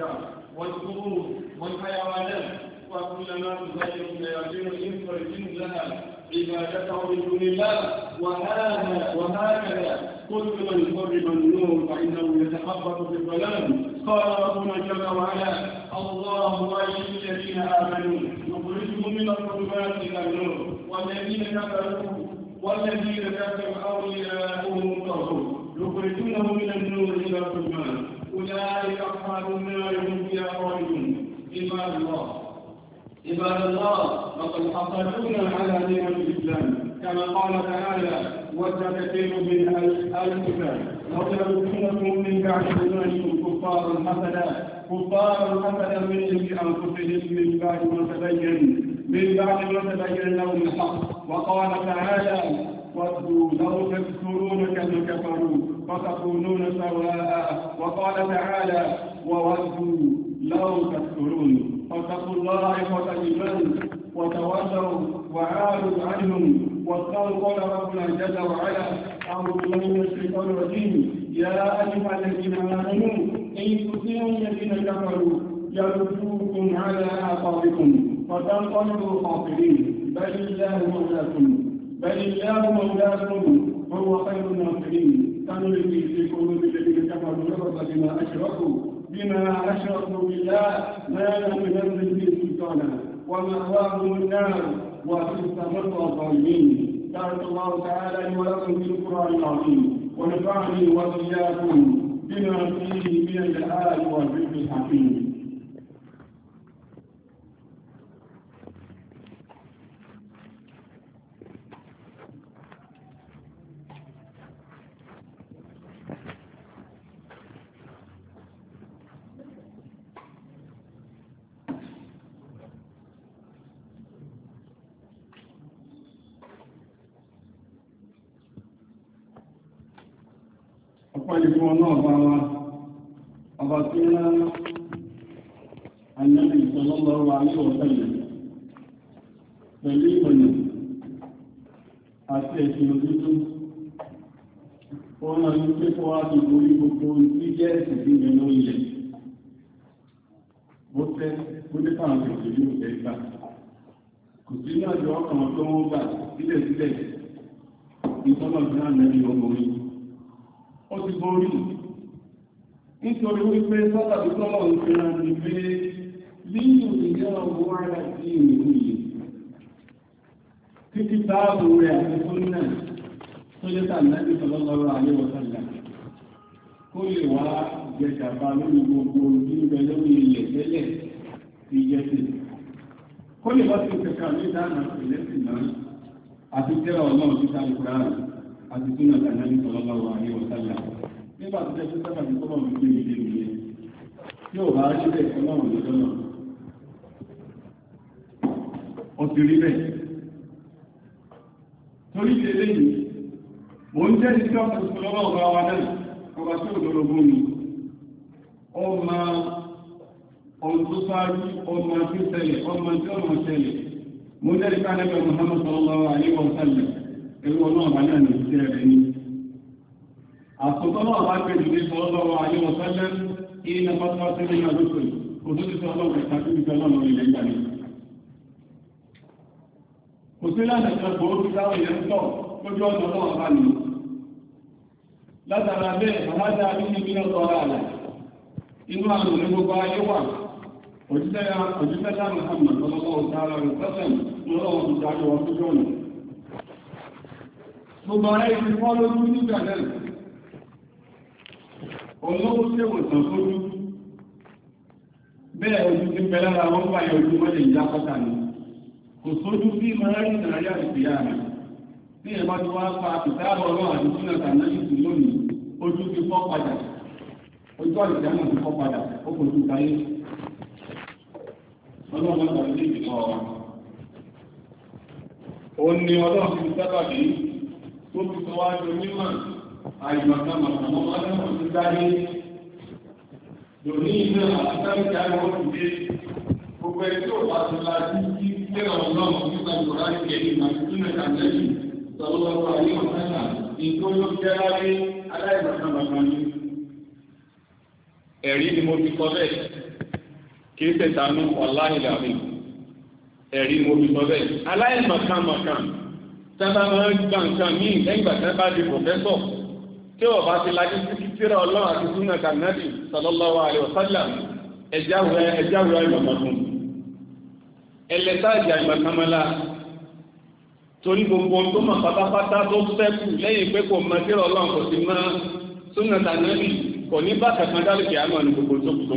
والأشجار والقرون والحيوانات وكل ما تغير الشياطين ينفرد لها عبادته من دون الله وهذا وهكذا قل من قرب النور فإنه يتخبط في الظلام قال ربنا جل وعلا الله ولي الذين آمنوا يخرجهم من الظلمات إلى النور والذين كفروا والذين كفروا أولياؤهم الطاغوت يخرجونهم من النور إلى الظلمات أولئك أصحاب النار هم فيها خالدون عباد الله عباد الله لقد حصلونا على نعم الإسلام كما قال تعالى وجد كثير من آل كتاب من بعد إيمانكم كفارا حسدا كفارا حسدا من أجل أنفسهم من بعد ما تبين من بعد ما تبين لهم الحق وقال تعالى ودوا لو تكفرون كما كفروا وتكونون سواء وقال تعالى وودوا لو تكفرون فاتقوا الله وتجبن وتولوا وعادوا عنهم واتقوا قول ربنا جل وعلا اعوذ بالله من الشيطان الرجيم يا ايها الذين امنوا ان تطيعوا الذين كفروا يردوكم على اعقابكم فتنقلبوا خاسرين بل الله مولاكم بل الله مولاكم هو خير الناصرين سنلقي في قلوب الذين كفروا الرعب بما أشركوا بما أشركوا بالله ما لم ينزل به سلطانا ومأواهم النار وبئس مثوى الظالمين بارك الله تعالى لي ولكم في القرآن العظيم ونفعني وإياكم بما فيه من الآل والذكر الحكيم pẹ̀lú fún ọ náà bá wa ọba tí ń rán àyẹ̀lẹ̀ ìtọ́lọ́lọ́ wa ní ọ̀tẹ̀lẹ̀ pẹ̀lú ìpẹ̀lú àti ẹ̀sìn òdúdú ọ̀nà ní pé kọ́ wá ti borí gbogbo tí jẹ́ ẹ̀sìn sí ìyẹn ló yẹ ó tẹ́ ó ní fáwọn ẹ̀sìn ní òkè gbà kò sí ní àjọ ọkàn ìtọ́lọ̀ sí àmẹ́rin ọmọ orin ó ti borí nítorí wípé sọ́tàbí tọ́lọ̀ ń fi hàn ní pé lílù ìjẹ́ ọgbọ́n wáyà sí ìrìnlú yìí títí táàbù rẹ̀ àti súnnà tó jẹ́ tàbí sọ́lọ́lọ́rọ̀ ayé wọ́sàlá kó lè wá jẹjàbá lórí gbogbo ìgbẹ lórí ilẹ̀ tẹ́lẹ̀ ti jẹ́ sí kó lè wá sí kẹkà ní dáná ìlẹ́sìn náà àti tẹ́lẹ̀ ọlọ́run títà ìkúrà rẹ̀ àti súnà tànàbí sallallahu alaihi wa sallam nígbà tó jẹ́ sábà ní kọ́mọ̀ mi gbé ìdí ìwé yóò bá rí bẹ́ẹ̀ ọlọ́run lọ́jọ́ náà ó ti rí bẹ́ẹ̀ torí ti ń jẹ́ ìṣẹ́ ọ̀sán lọ́wọ́ wa náà ọba tí ò lọ́rọ̀gbọ́n mi ọmọ ohun tó sáájú ọmọ tí ó ṣẹlẹ̀ ọmọ tí ó mọ̀ ṣẹlẹ̀ mo jẹ́ ìṣẹ́ àlẹ́bẹ̀ Muhammad sallallahu alaihi wa ẹrú ọlọ́run bá náà ní iṣẹ́ rẹ̀ ni. àsọtọ́lọ́ bá gbé ìdílé sọ lọ́wọ́ ayé wọn sẹ́lẹ̀ kí iná bá tó ṣe lẹ́yìn ọdún pẹ̀lú òtún ti sọ ọlọ́run ẹ̀ka tó ti sọ ọlọ́run ilẹ̀ ìgbà ni. kò sí lánàá kan kò ó ti dáwọ̀ yẹn ń tọ̀ lójú ọ̀nà ọlọ́run bá nì látara bẹ́ẹ̀ bàbá dáa ní náà tọ́ra àlà inú àlò ní gbogbo ayé wà òjíṣẹ́ sáà Muhammad ọlọ́wọ́ tó bàrá ibi wọ́n lójú nígbà náà olóòwò tí wọ́n tàn sójú bẹ́ẹ̀ ojú ti pẹ́ lára wọ́n bá yẹ ojú mọ́lẹ̀ ìyá pátá ni kò sójú sí mọ́rẹ́rì nàáyà ìpìyà rẹ̀ ní ẹ̀bá tí wọ́n pa ìtààbọ̀ ọlọ́run àti sínú àtàná ìsìn lónìí ojú ti fọ́ padà ojú àlùjáàmù ti fọ́ padà ó kò tún káyé ọlọ́run ọ̀sán ni ọlọ́run ti sábà tó ti sọ wájú onímọ̀ àìmọ̀kàmọ̀kà mọ́ ọlọ́run ti dáyé lòní iná àtàkì àwọn òṣìṣẹ́ gbogbo ẹjọ́ wà ti la sí sí kíkẹ́rọ̀ ọlọ́run nípa ìkọ̀rá ìkẹ́yìn máa ti túnmẹ̀ kàmẹ́lì sọlọ́wọ́ ayé ọ̀sánà nǹkan ló jẹ́ láyé aláìmọ̀kàmọ̀kà ni. ẹ̀rí ni mo fi kọ bẹ́ẹ̀ kì í ṣètànú ọ̀láìlàmì ẹ̀rí mo fi kọ bẹ́ẹ̀ aláìmọ̀kàmọ̀kà sábà máa ń gba nǹkan míì lẹ́yìn ìgbà tí wọ́n bá di pòfẹ́sọ̀ tí wọ́n bá ti lajú sí kíkírà ọlọ́run àti súnà kànáàbì sallallahu alaihi wasallam ẹ̀já wúra ìmọ̀mọ̀kùn ẹlẹ́ta ìjà ìmọ̀kànmọ́lá torí gbogbo tó mọ̀ pátápátá tó fẹ́kù lẹ́yìn pé kò mọ kíkírà ọlọ́run kò sí mọ́ súnà kànáàbì kò ní bá kankan dálùkì àmọ́ ní gbogbo tó kù tó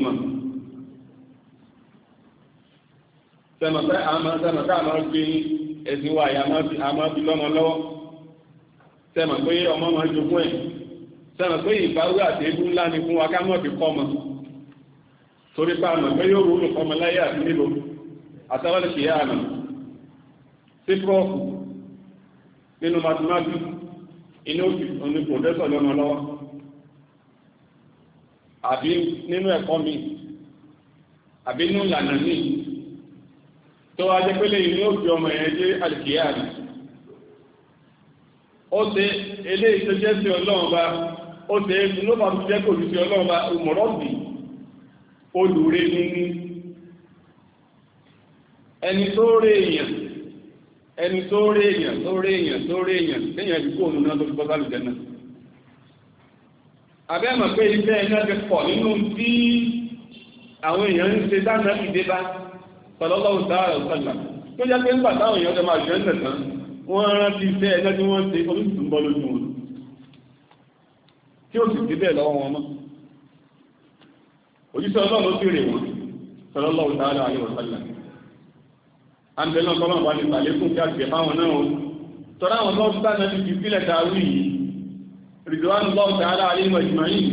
ẹ̀sìn wa yìí a máa fi lọ́mọ lọ́wọ́ sẹ́mọ̀ pé ọmọ máa jogún ẹ̀ sẹ́mọ̀ pé ìbáwí àtẹ́bù ńlá ni fún wa ká mọ̀ fi kọ́ ọmọ torí pa àmọ̀ pé yóò rúrù kọmọ láyé àti nílò àtàwọn ìṣe àmì sí prọ́ọ̀fù nínú mathematics inú òní pòdẹ́sọ̀ lọ́nà lọ́wọ́ àbí nínú ẹ̀kọ́ mi àbí nínú ìlànà míì tó wá jẹ́ pẹ́lẹ̀ yìí ní òbí ọmọ ẹ̀ jẹ́ alìkìyàrí ó ṣe ilé ìṣẹ́jẹ́ sí ọlọ́run bá ó ṣe ìfúnnúfà tó jẹ́ kò ní sí ọlọ́run bá ọmọrọ́bì olùre níní ẹni tó rí èèyàn ẹni tó rí èèyàn tó rí èèyàn tó rí èèyàn lẹ́yìn ẹ̀dùn òun náà tó fi bọ́ sálùjẹ́ náà àbẹ́mọ̀ pé ilé ẹ̀ náà ti pọ̀ nínú tí àwọn èèyàn ń ṣe dáná ìdébá sọlọ́lọ́wọ́ sáàrẹ̀ ọ̀sánlá tó jẹ́ pé ń pàtà àwọn èèyàn máa jẹ́ ẹ̀sẹ̀tàn wọ́n rán bí iṣẹ́ ẹjọ́ tí wọ́n ṣe olùsùn bọ́ lójú wọn tí ó sì ti bẹ́ẹ̀ lọ́wọ́ wọn mọ́ òjíṣẹ́ ọlọ́run sì rè wọn sọlọ́lọ́wọ́ sáàrẹ̀ àlẹ́ ọ̀sánlá àǹtẹ̀lọ́ kọ́lọ́ wà ní ìtàlékún kí àgbẹ̀ fáwọn náà tọ́lá àwọn lọ́wọ́ sáà náà ti fi sílẹ̀ dàrú yìí rìdíwánù lọ́wọ́ sáà láàrin ìmọ̀ ìjìmọ̀ yìí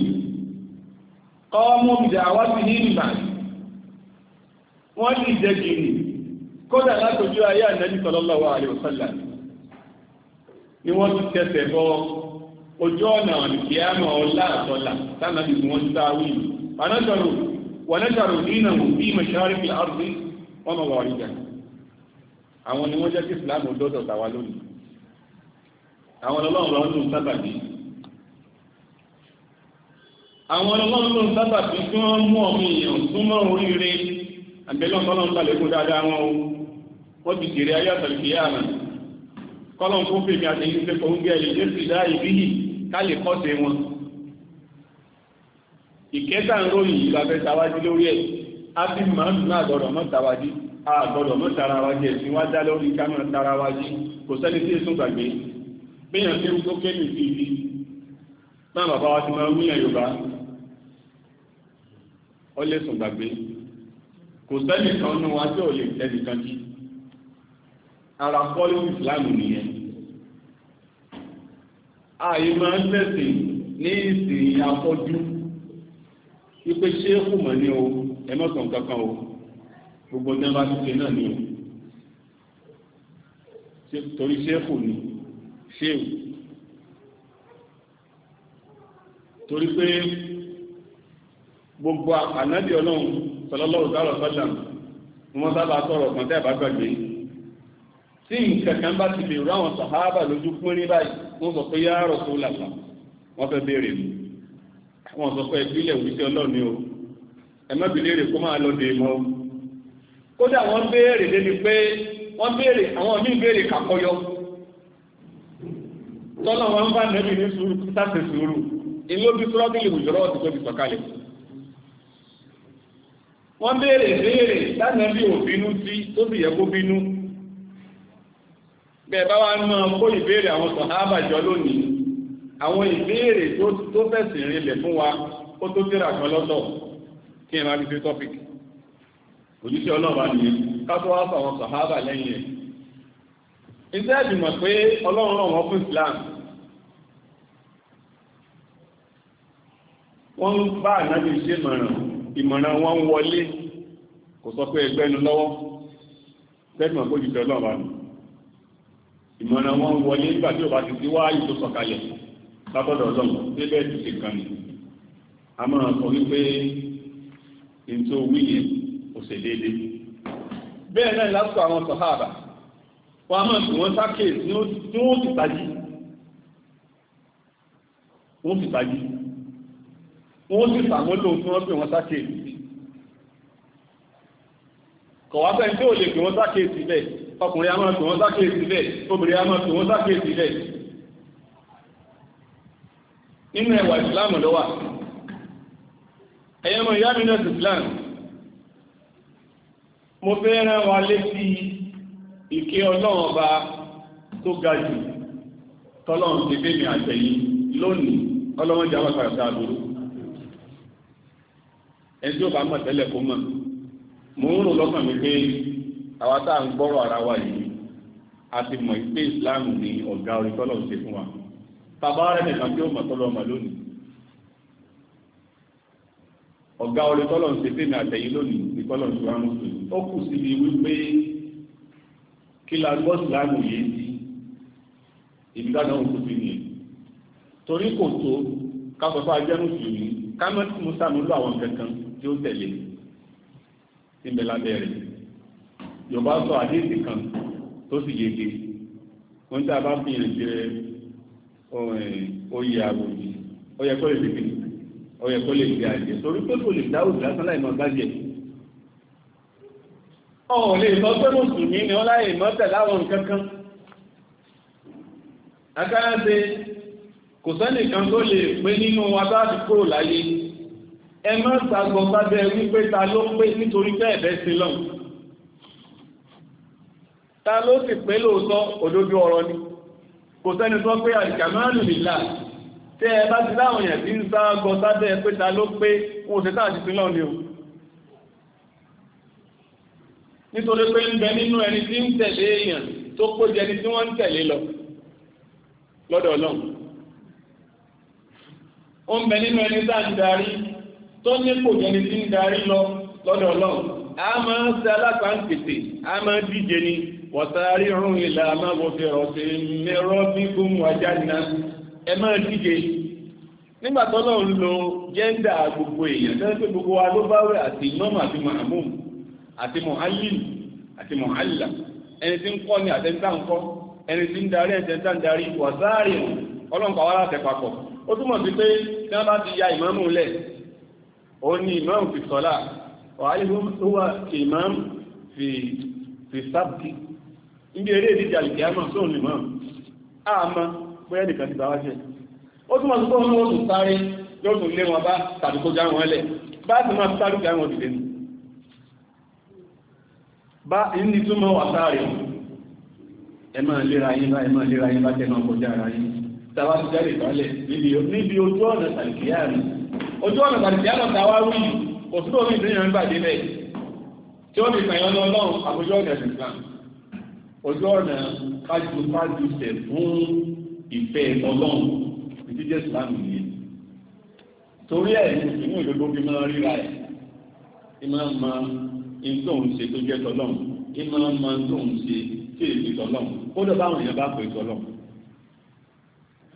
kọ́ mọ́ bìdà wá sí ní ìbàdàn wọ́n sì jẹ́ gìrì kódà látòjú ayé ànẹ́bí sallallahu alaihi wasallam ni wọ́n ti tẹsẹ̀ bọ ojú ọ̀nà ìkíyàmọ̀ ọ̀la àtọ́là tánàbí wọn sáwí anájọ́rò wọ̀nẹ́jọ́rò nínà wò bí mẹ́ṣáríkì àrùbí wọ́n mọ̀ wọ̀rí jà àwọn ni wọ́n jẹ́ kí Islam dọ́dọ̀ tàwa lónìí àwọn ọlọ́run lọ́dún sábàbí àwọn sábàbí tí wọ́n mú ọmọ èèyàn súnmọ́ oríire àbẹ̀lọ́ tọ́lọ́ ń sàlékún dáadáa wọn o wọ́n ti jèrè ayé àtàlùkìyà àmà kọ́lọ́n tó fèmí àtẹ̀yìn fẹ́ kọ́ ń gẹ́ ilé sí dá ìbíyì ká lè kọ́sẹ̀ wọn. ìkẹta ń ròyìn ìgbàfẹ́ tàwájú lórí ẹ̀ á fi máa ń dùn àgọ́dọ̀ mọ́ tàwájú àgọ́dọ̀ mọ́ tara wa jẹ́ sí wá dá lórí ká máa tara kò kò sẹ́nì kan nú wa tí ò lè tẹ́nì kan jí ara kọ́lé ìsìláàmù nìyẹn ààyè máa ń tẹ̀sìn ní ìsìn afọ́jú wípé ṣé kù mọ̀ ní o ẹ má sọ nǹkan kan o gbogbo tí bá ti ṣe náà ní o torí ṣé kù ni ṣé o torí pé gbogbo ànábì ọlọ́run sọlọ́lọ́wọ́ sọ̀rọ̀ sọ́là ni wọ́n sábà sọ̀rọ̀ kan tẹ́ ẹ̀ bá gbàgbé tí nǹkan kan bá ti lè rú àwọn sàhábà lójú pín ní báyìí wọ́n sọ pé yá Rasulullah wọ́n fẹ́ béèrè mi wọ́n sọ pé ìpínlẹ̀ òwúṣẹ́ ọlọ́ọ̀ni o ẹ má bi léèrè kó máa lọ dè mọ́ o kódà wọ́n béèrè débi pé wọ́n béèrè àwọn míì béèrè kàkọyọ tọ́lọ́ wọn bá nẹ́bí ní sùúrù sáfẹ́ sùúrù ìlú bí sọ́ọ́dún ìwùjọ́rọ́ ọ̀sìn tó fi sọ̀kalẹ̀ wọ́n béèrè béèrè tánàbí ò bínú sí tó sì yẹ kó bínú bẹ́ẹ̀ bá wá náà kó ìbéèrè àwọn sàhábà jọ lónìí àwọn ìbéèrè tó fẹ̀sìn rinlẹ̀ fún wa ó tó tẹ́rà kan lọ́tọ̀ kí ẹ máa fi ṣe tọ́pìkì òjíṣẹ́ ọlọ́ọ̀bá nìyẹn ká tó wá fàwọn sàhábà lẹ́yìn ẹ̀ iṣẹ́ ìdìmọ̀ pé ọlọ́run ràn wọ́n fún Islam wọ́n bá ànábì ṣe mọ̀ràn ìmọ̀ràn wọn ń wọlé kò sọ pé ẹgbẹ́nu lọ́wọ́ tẹ́gbọ̀n kó jùlọ náà wà nù ìmọ̀ràn wọn ń wọlé nígbà tí ò bá ti ti wá ìlú sọ̀kalẹ̀ látọ̀dọ̀ ọlọ́mọ débẹ̀ ti ṣe kan ní a máa sọ wípé ètò wíyẹ kò ṣe déédéé bẹ́ẹ̀ náà lásìkò àwọn sọ̀háàbà wọ́n a máa fi wọ́n sákèé tí wọ́n ti tají wọ́n ti tají wọ́n sì sàmúlò tí wọ́n pè wọ́n sáké ìsì kọ̀wáfẹ́ tí ó lè pè wọ́n sáké ìsì bẹ́ẹ̀ ọkùnrin a máa pè wọ́n sáké ìsì bẹ́ẹ̀ obìnrin a máa pè wọ́n sáké ìsì bẹ́ẹ̀ nínú ẹwà ìsìláàmù ló wà ẹ̀yẹ́mọ̀ ìyá mi náà ìsìláàmù mo fẹ́ rán wa létí ìkẹ́ ọlọ́run ọba tó ga jù tọ́lọ́run ti fẹ́ mi àtẹ̀yìn lónìí ọlọ́run jẹ́ àwọn àgbàrá ẹni tí ó bá mọ̀ tẹ́lẹ̀ kó mọ̀ mò ń rò lọ́kàn mi pé àwa tá à ń gbọ́rọ̀ ara wa yìí a ti mọ̀ pé Islam ni ọ̀gá orí tọ́lọ̀ ń ṣe fún wa bàbá rẹ̀ nìkan tí ó mọ̀ tọ́lọ̀ mọ̀ lónìí ọ̀gá orí tọ́lọ̀ ń ṣe fẹ́mi àtẹ̀yìn lónìí ní tọ́lọ̀ ń ṣe wá mùsùlùmí ó kù síbi wípé kí la gbọ́ Islam yìí sí ibi dáadáa òkú sí nìyẹn torí kò tó ká sọ fún ajẹ́ ká mọ́ musa ló lọ àwọn kankan tí ó tẹ̀lé síbẹ̀ lábẹ́ rẹ̀ yorùbá sọ àdéhùn kan tó sì yege wọ́n tí a bá fi hàn jẹ́ oyè àròjì ó yẹ kó lè dìbì ó yẹ kó lè di àjẹ torí pé kò lè dáwò lásán láì mọ gbájẹ ọ̀hún lè sọ pé mùsùlùmí ni wọ́n láì mọ́ tẹ̀ láwọn nǹkan kan akáyáṣe kò sẹ́nìkan tó lè pé nínú wa kúrò láyé ẹ má gbàgbọ́ sábẹ́ wípé ta ló pé nítorí pé ẹ̀bẹ̀ sí lọ ta ló sì pé lóòótọ́ òdodo ọ̀rọ̀ ni kò sẹ́ni tó pé àdìkàmánù là. tẹ́ ẹ bá ti láwọn èèyàn tí ń sáàgọ́ sábẹ́ pé ta ló pé wọn ò sẹ́tà àti sílọ̀ ni o nítorí pé ń bẹ nínú ẹni tí ń tẹ̀lé èèyàn tó kó jẹ ni tí wọ́n ń tẹ̀lé lọ lọ́dọ̀ náà ó ń bẹ nínú ẹni tá à ń darí tó nípò yẹn ni tí ń darí lọ lọ́dọ̀ ọlọ́run a máa ń ṣe alápàǹpèsè a máa ń díje ni wọ̀sáárì rún ilà amáwòfẹ́ ọ̀sẹ̀ mẹ́rọ́ bí gún wájà nà ẹ máa díje nígbà tó lọ́run lo jẹ́ńdà gbogbo èèyàn tó ń pè gbogbo wa ló bá wẹ̀ àti imam àti mahmum àti muhallim àti muhalla ẹni tí ń kọ́ ni àtẹ́ńtà ń kọ́ ẹni tí ń darí ẹ̀tẹ́ńtà ń darí wọ̀sáárì rún ọlọ́run pàwọ́ láti papọ̀ ó túmọ̀ sí pé tí wọ́n bá ti ya ìmámù lẹ̀ ó ní imam fi sọ́lá wàhálì huwa imam fi fi sábùkì níbi eré ìdíje àlìkè àmà sóhun imam àmà bóyá nìkan ti bàwá jẹ ó túnmọ̀ sí pé wọn ó tún sáré yóò tún lé wọn bá tàbí kó já wọn lẹ̀ bá sì máa sáré já wọn dìde nù bá ní túnmọ̀ wà sáré wọn ẹ máa lera yín bá ẹ máa lera yín bá tẹnu ọkọjá ara yín tàbá ti jáde ìbálẹ̀ níbi ojú ọ̀nà tàbí kìíyà rẹ̀ ojú ọ̀nà tàbí ìyá lọ́ta wá wí òtún omi ìdíyàn ń gbàdé bẹ́ẹ̀ tí ó lè pẹ̀yàn lọ lọ́run àbójú ọ̀nà ìsìnkàn ojú ọ̀nà kájú kájú tẹ̀ fún ìfẹ́ ọlọ́run títí jésù láàmì yìí torí ẹ̀ inú ìdodo bí máa ríra ẹ̀ ìmọ̀ ma ìtòun ṣe tó jẹ́ tọ́lọ́run ìmọ̀ ma ìtòun ṣe tí èdè tọ́lọ́run kódà báwọn èèyàn bá pè tọ́lọ́run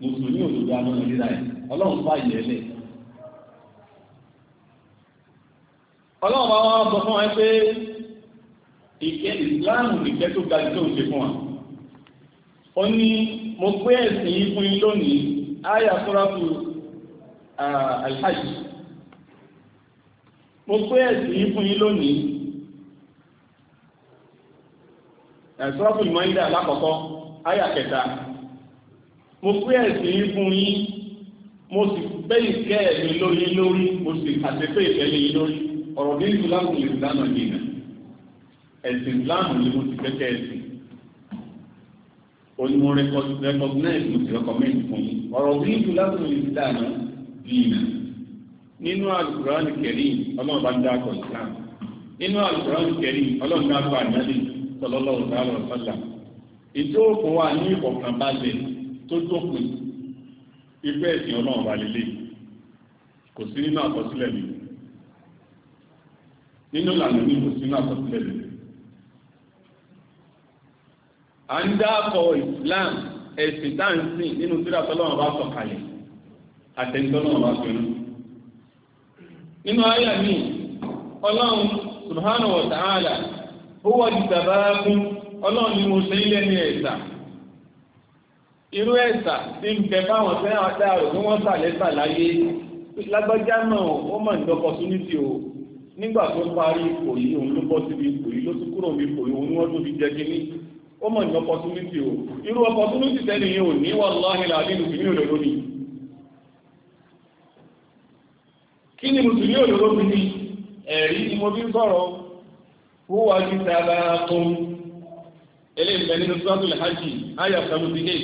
mùsùlùmí òdodo a máa ẹ̀ ọlọ́run fàyè ẹlẹ́ẹ̀ ọlọ́run bá wọ́n sọ fún ẹ pé ìkẹ́ ìsìláàmù nìkẹ́ tó ga tó ṣe fún wa ó ní mo gbé ẹ̀sìn yìí fún yín lónìí àyà sọ́ràkù alhaj mo gbé ẹ̀sìn yìí fún yín lónìí sọ́ràkù ìmọ̀-ìdá alákọ̀ọ́kọ́ àyà kẹta mo gbé ẹ̀sìn yìí fún yín mo sì gbé ìkẹ́ ẹ̀mí lórí lórí mo sì àtẹ́fẹ́ ìfẹ́ lórí lórí ọ̀rọ̀ bí ìsìláàmù lè dáná ní ìnà ẹ̀sìn ìsìláàmù ni mo ti kẹ́kẹ́ ẹ̀sìn onímọ̀ rẹ́kọ̀gínẹ́ẹ̀sì mo ti rẹ́kọ̀mẹ́ǹtì fún yín ọ̀rọ̀ bí ìsìláàmù lè dáná ní ìnà nínú alukùránì kẹrí ọlọ́ọ̀bá ń dákọ̀ islam nínú alukùránì kẹrí ọlọ́ọ̀bá ń dákọ̀ ànábì sọlọ́lọ́ọ̀ dáhùn ọ̀sọ́là ìjọ òkun wa ní ìfọ̀kànbalẹ̀ tó dópin ìfẹ́ ẹ̀sìn ọlọ́ọ̀bá lélẹ̀ kò sí nínú àkọsílẹ̀ mi nínú ìlànà ní kò sínú àkọsílẹ̀ mi. à ń dáàkọ Islam ẹ̀sìn dáǹsìn nínú tírà tọ́lọ́wọ́n bá sọ kalẹ̀ àtẹ̀ntọ́lọ́wọ́n bá sọ inú. nínú ayé mi ọlọ́run subhanahu wa ta'ala ó wọ́n di tàbárakún ọlọ́run ni mo ṣe ilé ní ẹ̀sà irú ẹ̀sà tí ń bẹ fáwọn tẹ́ àtàrò tí wọ́n sàlẹ́sà láyé lágbájá náà ó mọ̀ ní opportunity o nígbà tó parí ipò yìí òun ló bọ́ síbi ipò yìí ló tún kúrò ní ipò yìí òun ni wọ́n tó fi jẹ kínní ó mọ̀ ní opportunity o irú opportunity tẹ́lẹ̀ yìí ò ní wàláhìn làbí mùsùlùmí òdòdó ni kí ni mùsùlùmí òdòdó fi ni ẹ̀rí ni mo fi ń sọ̀rọ̀ ó wá sí sábà tún eléyìí bẹ nínú sọ́tún hajj ayà sàmùsì dé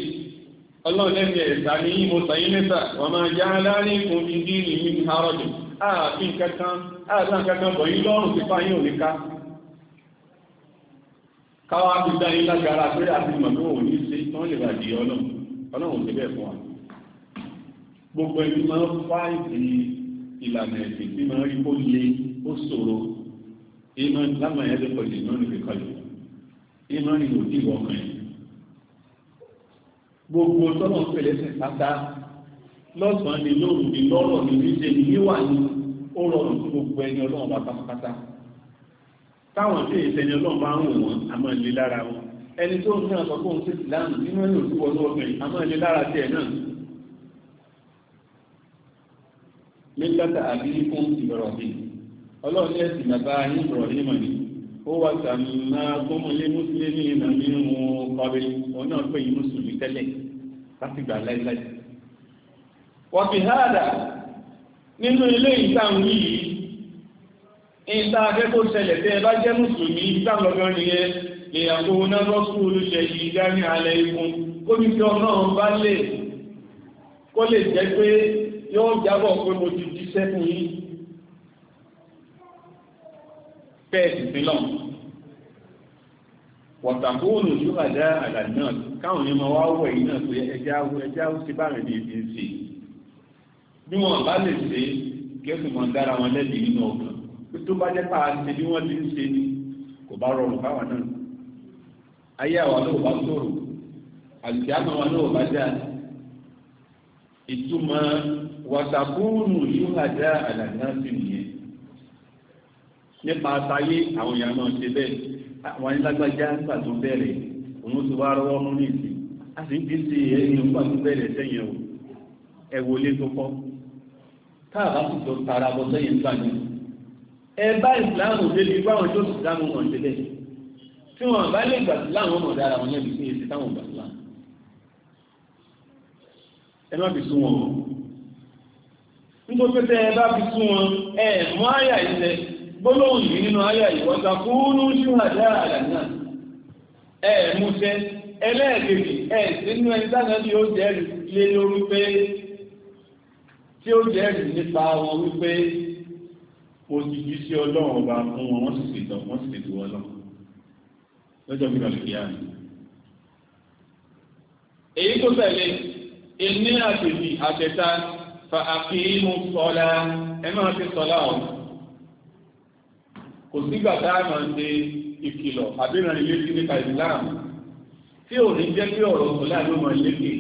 ọlọ́run lẹ́sẹ̀ ẹ̀sà ní ìmọ̀sàn yín mẹ́ta wọ́n máa já láàrin ìkùn ìdí ìlú ní ààbí nǹkankan ààbí nǹkankan bọ̀ yìí lọ́rùn ti fáyín ò ní ká káwá ti dá yín lágbára pé àti mọ̀tò ò ní sí tán lè bàjì ọlọ́run ọlọ́run ti bẹ́ẹ̀ fún wa gbogbo ẹni máa ń fá ìdí ìlànà ẹ̀sìn tí máa ń rí kó le ó ṣòro ìmọ̀ lámà yẹn lọ́pọ̀ jù náà nìkan kọlẹ̀ ìmọ̀ ni ò dìbò ọkàn yẹn gbogbo tọ́nà pẹ̀lẹ́sẹ̀ pátá lọ́sàn-án ni lóòrùn ni lọ́rọ̀ ni níṣẹ́ ni níwà ni ó rọrùn sí gbogbo ẹni ọlọ́run bá pátápátá táwọn tí èsì ẹni ọlọ́run bá ń wò wọ́n a máa lára wọn ẹni tó ń náà sọ pé òun nínú ẹni fún ìbọ̀rọ̀ mi ọlọ́run bàbá yín bọ̀rọ̀ yín mọ̀ ní ó wà sàmà gómìnà mùsùlùmí nà náà pè yín mùsùlùmí tẹ́lẹ̀ láti gbà nínú ilé ìtàwí yìí ìta akẹ́kọ̀ọ́ ṣẹlẹ̀ tẹ́ bá jẹ́ mùsùlùmí ìtàlọ́gbọ́n nìyẹn lè àpò onárọ́sù olùṣẹ́ yìí dání alẹ́ ikun kó ní kí ọmọ ọ̀hún bá lè kó lè jẹ́ pé yóò jábọ̀ pé mo ti jíṣẹ́ fún yín bẹ́ẹ̀sì sílọ̀ wọ̀tàkùnù ṣúgbàdá àgbà náà káwọn ní ma wá wọ̀ yìí náà pé ẹjá ó ti bá rìn ní ìdí sí i bí wọn bá lè ṣe kẹ́sùn kan dára wọn lẹ́bi nínú ọ̀gbọ̀n pé tó bá jẹ́ pa àṣẹ bí wọ́n ti ń ṣe ni kò bá rọrùn fáwọn náà ayé àwa náà bá sọ̀rọ̀ àti àmọ́ wa náà bá dáa ìtumọ̀ wàtàkùnù yóò àdá àlàdá sí nìyẹn nípa àtàyé àwọn èèyàn náà ṣe bẹ́ẹ̀ àwọn alágbájá nígbà tó bẹ̀rẹ̀ òun ti wá rọwọ́ mú nìsí a sì ń fi ṣe ẹ̀yìn nígbà tó bẹ̀rẹ̀ sẹ́yìn o ẹ̀wò ilé tó kọ́ káàbá sì tó tara bọ́ sẹ́yìn nígbà yẹn ẹ bá ìsìláàmù débi báwọn tó sì dáhùn wọn débẹ̀ tí wọn bá lè gbà sí láwọn ọmọ dára wọn yẹn bí pé èsì táwọn gbà sí láwọn ẹ má fi sún wọn nítorí pé ẹ bá fi sún wọn ẹ mú àyà ilẹ̀ gbólóhùn yìí nínú àyà ìwọ́ta kúrú ṣúhàdá àlànà ẹ mú jẹ ẹlẹ́ẹ̀kejì ẹ sínú ẹni dáná bí ó jẹ́ lé lórí pé tí ó jẹ́rìí nípa wọn wípé mo ti jí sí ọlọ́run ọba fún wọn wọ́n sì ṣètò wọ́n sì ṣètò ọlọ́run lọ́jọ́ bí wọ́n fi yá mi. èyí tó tẹ̀lé ẹni àtẹ̀bí àtẹ̀ta fa àfihìmù sọ́lá ẹ máa ti sọ́lá ọ̀ kò sígbà tá a máa ń de ìkìlọ̀ àbí ìrànlẹ́sí nípa ìsìláàmù tí ò ní jẹ́ pé ọ̀rọ̀ sọ́lá ló máa lékè.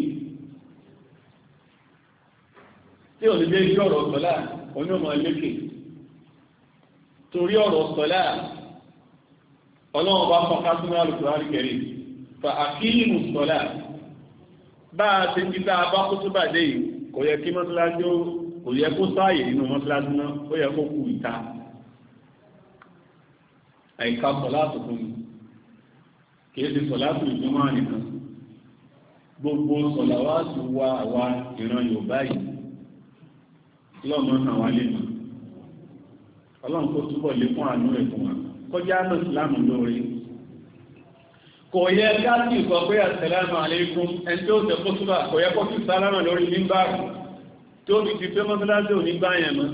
tí ò ní lé ní ọ̀rọ̀ sọ́lá onímọ̀ lékè torí ọ̀rọ̀ sọ́lá ọlọ́run bá fọ́n ká sínú alùpùpù kẹrì fa àkíyìmù sọ́lá bá a ti ti tá a bá kó tó bàdé yìí kò yẹ kí mọ́tíláṣí ó kò yẹ kó sáàyè nínú mọ́tíláṣí náà ó yẹ kó kú ìta àyíká sọ́lá tó fún kì í ti sọ́lá tó ìjọba nìkan gbogbo sọ̀làwá ti wá àwa ìran Yorùbá yìí lọ́mọ náà wà lè mọ̀ ọlọ́run kó túbọ̀ lé fún àánú ẹ̀ fún wa kọjá náà ìsìlámù lóore kò yẹ káàkì sọ pé àsàlámù aláìkùm ẹni tó tẹ kó túbà kò yẹ kó tún sálámà lórí nígbà tó fi ti pé mọ́sálásí ò nígbà yẹn mọ́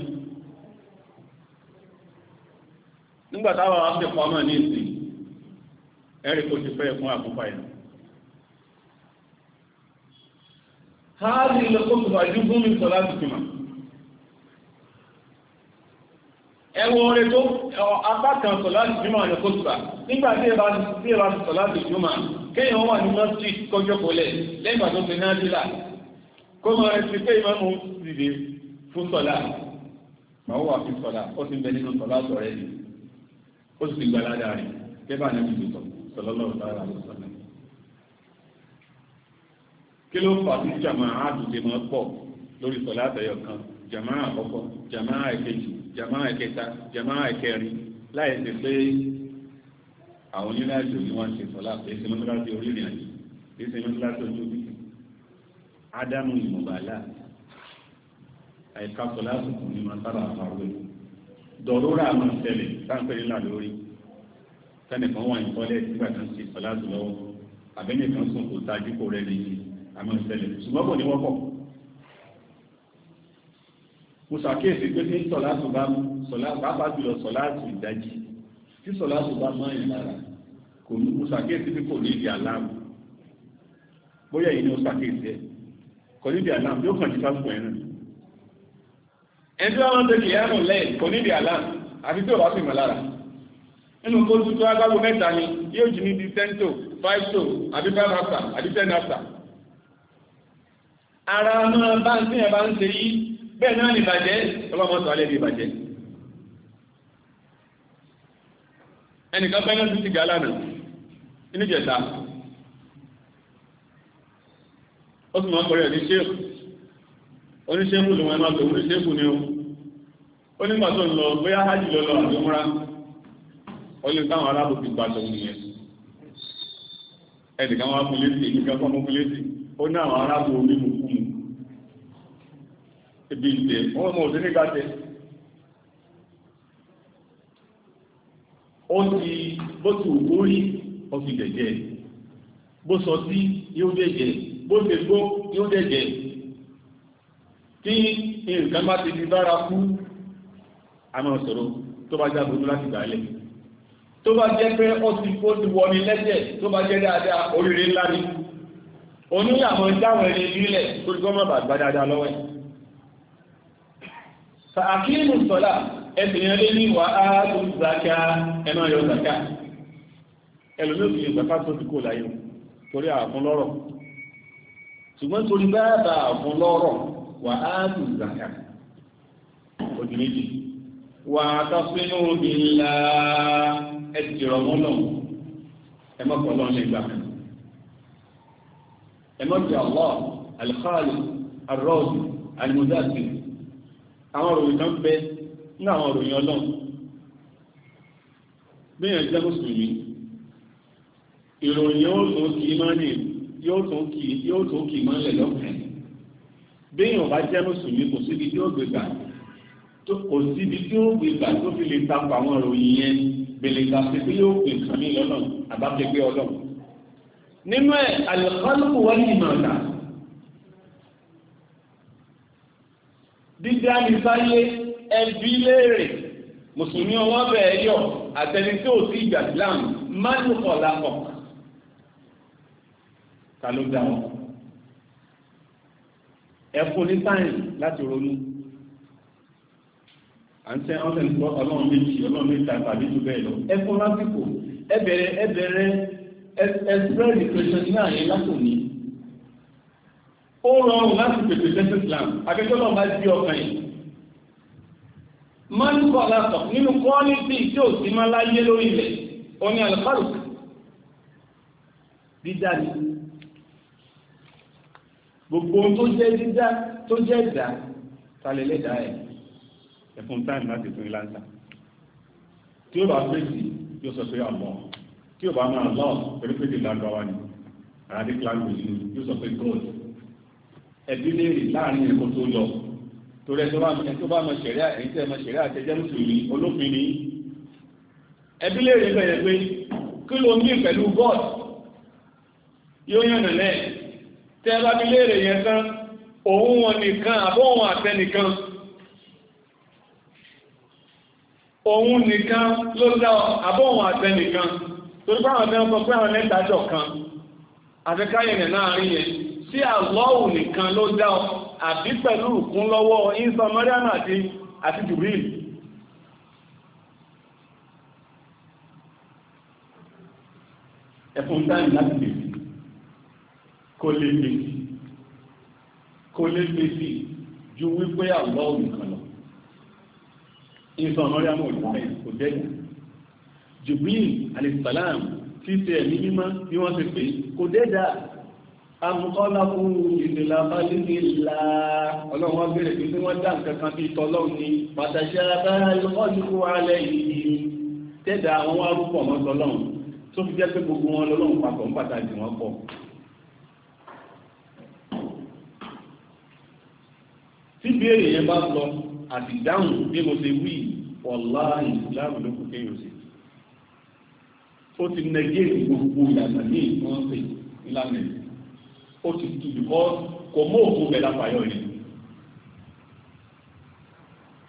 nígbà táwọn wá sí pamọ́ ní ìsìn ẹ̀rí kò ti fẹ́ fún àkópa yẹn háàlì lọ́kọ́ tó fàájú gómìnà sọ láti túmọ̀ ẹwọ oore tó apá kan sọ̀láàtì jùmọ̀ ní kóṣùbà nígbà tí ẹba tí ẹba ti sọ̀láàtì jùmọ̀ kéèyàn wà ní mọ́sí kọjọ́ kọlẹ̀ lẹ́yìn tó ti náà dìlà kó mọ rẹ ti pé ìmọ̀mù dìde fún sọ̀lá màá wà fún sọ̀lá ó ti bẹ nínú sọ̀lá sọ̀rẹ́ ni ó sì ti gba ládàá rẹ̀ kébà náà ti sọ̀ sọ̀lọ́lọ́rọ̀ sára ló sọ̀lá kí ló fà sí jàmáà àdùdè mọ́ pọ̀ lórí sọ̀lá àtẹ̀yọ̀ kan jàmáà àkọ́kọ́ jàmáà èkejì jama ẹ̀kẹta jama ẹ̀kẹrin láì ṣe pé àwọn onírìnàjò ni wọ́n ṣe sọ́lá pé ṣe mọ́tò láti orí ìrìn àjò kì í ṣe mọ́tò láti ojú bí ádámù ìmọ̀bàlá àìka sọ́lá tuntun ni wọ́n sábà fàwé dọ̀rọ́rà àwọn ìṣẹ̀lẹ̀ sáńpẹ́ nílà lórí sẹ́nìkan wà ní kọ́lẹ̀ nígbà tó ń ṣe sọ́lá tó lọ́wọ́ àbẹ́nìkan sùn kò tajú kò rẹ̀ nìyí àmọ́ ìṣẹ̀lẹ̀ ṣùgbọ́n kò ní wọ́pọ̀ mo ṣàkíyèsí pé ní sọ̀láàtù bá mú sọ̀láàtù bá bá jùlọ sọ̀láàtù ìdájí tí sọ̀láàtù bá mọ́ yẹn lára kò ní mo ṣàkíyèsí pé kò ní ìdí aláàmù bóyá yìí ni mo ṣàkíyèsí ẹ kò ní ìdí aláàmù yóò kàn jí fásitì ẹ̀ náà ẹjọ́ àwọn tẹ̀lé ẹ̀rùn lẹ́yìn kò ní ìdí aláàmù àfi tí ò bá sì mọ̀ lára nínú kó tuntun agbáwo mẹ́ta ni yóò jí ní di ten to five to àbí five after àbí ten after ara máa bá ń sìn bá ń ṣe bẹ́ẹ̀ náà ní ìbàjẹ́ ọlọ́mọ sọ alẹ́ bí ìbàjẹ́ ẹnìkan fẹ́ náà títí gàlánà inú jẹta ó sì máa kọrẹ ní ṣéèkù oníṣẹ́kù lòun ẹ̀mà tó ní ṣéèkù ni ó ó nígbà tó ń lọ bóyá hajj lọ lọ àti múra ọlẹ́ táwọn arábò ti gbà tó nìyẹn ẹnìkan wá fún létí ẹnìkan fún ọmọ létí ó ní àwọn arábò mímu ibi ìdè wọ́n mọ̀ òsì nígbà tẹ́ ó ti bó ti wù kó rí ó ti dẹ̀jẹ̀ bó sọ sí yóò dẹ̀jẹ̀ bó ti gbó yóò dẹ̀jẹ̀ tí nǹkan bá ti di bára kú àmọ́ sọ̀rọ̀ tó bá já ojú láti gbà lẹ̀ tó bá jẹ́ pé ó ti kó ti wọ ní lẹ́jẹ̀ tó bá jẹ́ dáadáa oríire ńlá ni oníyàmọ̀ jáwọn ẹni tó gbọ́mọ̀ bàgbà dáadáa lọ́wọ́ ẹ̀ fàákìlù sọ́lá ẹ̀sìn lé ní wà á tó zaka ẹ̀nà yọ zaka ẹlòmí ò fi yọ zaka tó ti kó láyé o torí àfún lọ́rọ̀ ṣùgbọ́n torí báàbà àfún lọ́rọ̀ wà á tó zaka ojú méjì wà á tásínú ìlà ẹ̀sìn ìrọ̀mọ́lọ̀ ẹ̀mọ́kọ̀ọ́lọ́ ní ìgbà kan ẹ̀mọ́kì Allah al-Khaliq ar-Razi al-Mudabbir àwọn òròyìn kan bẹ ní àwọn òròyìn ọlọ́run bí èèyàn jẹ́ mùsùlùmí ìròyìn yóò tún kì í máa ní yóò tún kì í yóò tún kì í máa lẹ̀ lọ́kàn bí èèyàn bá jẹ́ mùsùlùmí kò síbi tí ó gbé gbà kò síbi tí ó gbé gbà tó fi lè takò àwọn òròyìn yẹn bèlè gbà pé pé yóò pè kàn mí lọ́nà àbápẹ́gbẹ́ ọlọ́run nínú ẹ̀ àlùkọ́lùkù wọ́n ìmọ̀ ọ̀dà dídá mi sáyé ẹbí léèrè mùsùlùmí ọwọ́ bẹ̀ẹ́ yọ àtẹni tí ò sí ìgbà islam máa ń kọ̀ lápọ̀ ta ló dá wọn ẹ fún ní táyìn láti ronú à ń tẹ ọ̀sẹ̀ ń gbọ́ ọlọ́run méjì ọlọ́run méjì tàbí jù bẹ́ẹ̀ lọ ẹ fún lásìkò ẹ bẹ̀rẹ̀ ẹ bẹ̀rẹ̀ ẹ bẹ̀rẹ̀ ìpèsè náà yẹn látòní ó rọrùn láti pèsè tẹ́sí Islam akẹ́kọ̀ọ́ bá di ọkàn yìí máa ń kọ́ látọ̀ nínú kọ́ọ́lìtì tí ò sí máa láyé lórí ilẹ̀ oní alifaruk dídá ni gbogbo ohun tó jẹ́ dídá tó jẹ́ ìdá talẹ̀ lẹ́dá ẹ̀ ẹ̀fún táìmù láti fún ìlànà tí ó bá fèsì yóò sọ pé àmọ́ tí ó bá máa lọ́ọ̀ pẹ̀lú pé ti lágbàá wa ni arabic language yóò sọ pé god ẹbí léèrè láàrin ẹ̀kọ́ tó lọ torí ẹ̀ tó bá mọ ṣẹ̀rí ẹ̀yìn tẹ́ mọ ṣẹ̀rí àtẹ́jẹ́ mùsùlùmí olófin ni ẹbí léèrè bẹ̀rẹ̀ pé kí ló ń bí pẹ̀lú god yóò yànnà lẹ̀ tẹ́ ẹ bá bí léèrè yẹn tán òun wọn nìkan àbọ̀ òun àtẹnìkan òun nìkan ló dá àbọ̀ òun àtẹnìkan torí báwọn ọ̀dẹ́ ọkọ̀ pé àwọn mẹ́ta jọ kan àti káyẹ̀nẹ̀ láàrin yẹn sí àlọ́wù nìkan ló dá ọ àbí pẹ̀lú ìkún lọ́wọ́ ìsọ mọ́ríàmù àti àti jùbíl ẹ̀fún táìmì láti lè kó lè lè kó lè lè sí ju wípé àlọ́wù nìkan lọ ìsọ mọ́ríàmù kò jẹ́ jùbíl alìsàlám tí ṣe ẹ̀mí mímọ́ bí wọ́n ti pè kò dẹ́dàá amukọ́lákú ìdìlá balùwì la ọlọ́run wọn bèrè pé bí wọ́n dá nǹkan kan bíi tọ́lọ́run ni pàtàkì abáyá lọ́dúnkú alẹ́ yìí tẹ́dà àwọn wá rúpọ̀ mọ́ tọ́lọ́run tó fi jẹ́ pé gbogbo ìlànà ní ó ti tu because kò mú òkú bẹ̀ lápáyọ̀ yìí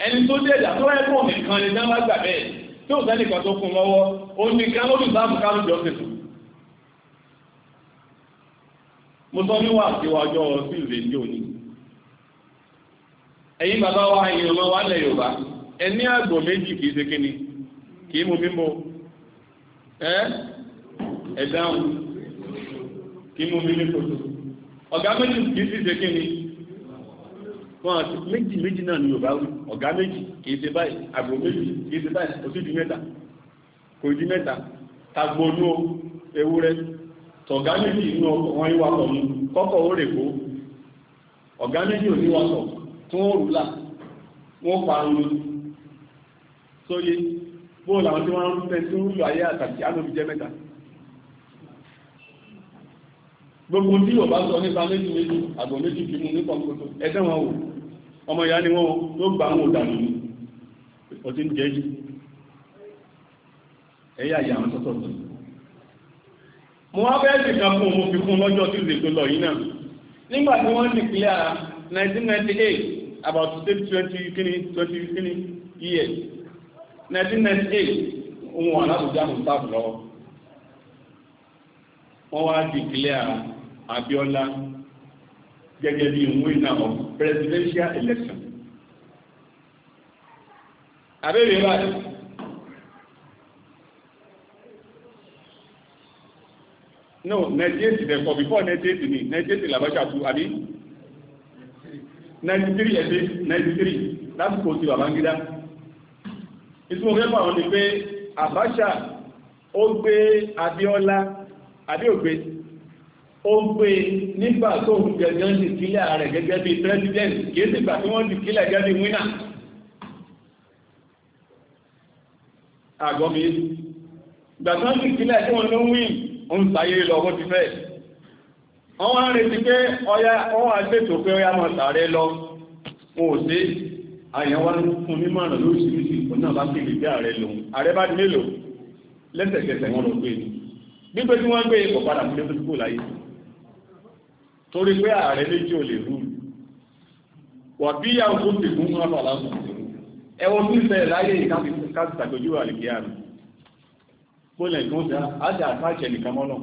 ẹni tó dé ìdá tó wáyé fún nìkan ni náà gbà bẹ́ẹ̀ tí ó sẹ́ni kan tó kún lọ́wọ́ ó ní kálórì sáàmù kálórì ọ̀sẹ̀tù mo sọ níwà sí ọjọ́ sílẹ̀ ní òní ẹ̀yin bàbá wa ẹ̀yin ọmọ wa lẹ̀ Yorùbá ẹni àgbò méjì kìí ṣe kíni kìí mú mímú ẹ ẹ̀dáhùn kìí mú mímú tòtò ọ̀gá méjì kìí sì ṣe kí ni wọ́n méjì méjì náà ni Yorùbá wí ọ̀gá méjì kìí ṣe báyìí àgbò méjì kìí ṣe báyìí kò sí di mẹ́ta kò di mẹ́ta ewúrẹ́ tọ̀gá méjì wọn kọ́kọ́ ó méjì ò wọ́n pa sóye bóòlù àwọn tí wọ́n gbogbo tí yóò bá sọ nípa méjì méjì àgbọ̀ méjì fi mú nípa ọkọ̀ ẹgbẹ́ wọn wò ọmọ ìyá ni wọ́n ló gba àwọn òdàlù ní ọtí ń jẹ́ yìí ẹ̀yà ìyá àwọn sọ́tọ̀ sí mo wá bẹ́ẹ̀ sì kan fún mo fi fún lọ́jọ́ tí ìdè tó lọ yìí náà nígbà tí wọ́n ti pìlẹ̀ 1998 about 20 kini 20 kini years 1998 ohun àlàbùjá mo sáàbù lọ́wọ́ wọ́n wá di clear Abiola gẹ́gẹ́ bí winner of presidential election àbẹ̀rẹ̀ báyìí no 98 therefore before 98 ni 98 làbájá kú àbí 93 ẹ̀sẹ̀ 93 lásìkò tí Babangida ìtumọ̀ mẹ́fà wọn ni pé Abacha ó gbé Abiola adéògbé ó gbé nígbà tó ń gẹ̀gẹ́ dìkílẹ̀ rẹ̀ gẹ́gẹ́ bí president kìí sígbà tí wọ́n dìkílẹ̀ gẹ́gẹ́ bí winner àgọ́mí gbàtán dìkílẹ̀ tí wọ́n ló ń win ń sáyé lọ wọ́n ti fẹ́ wọ́n wá ń retí pé ọya wọ́n wá gbètò pé ọya mọ̀ sàárẹ lọ wọn ò sí àyàn wá fún mímọ̀ràn lóríṣiríṣi ìpín náà bá kéde bí ààrẹ lòun ààrẹ bá di mélòó lẹ́sẹ̀kẹsẹ̀ wọn lọ gbé gbígbé tí wọ́n gbé ọ̀padà fún lẹ́sẹ̀kẹsẹ̀ láyé torí pé ààrẹ méjì ò lè rúùlù wà bí yà ń ti fún wọn fà láti ẹwọ tí ìfẹ́ láyé ìkáàkì tàgbójú wà lèkìá rẹ̀ bólẹ̀ kan tí a ti àtàkẹ́ nìkan mọ́nà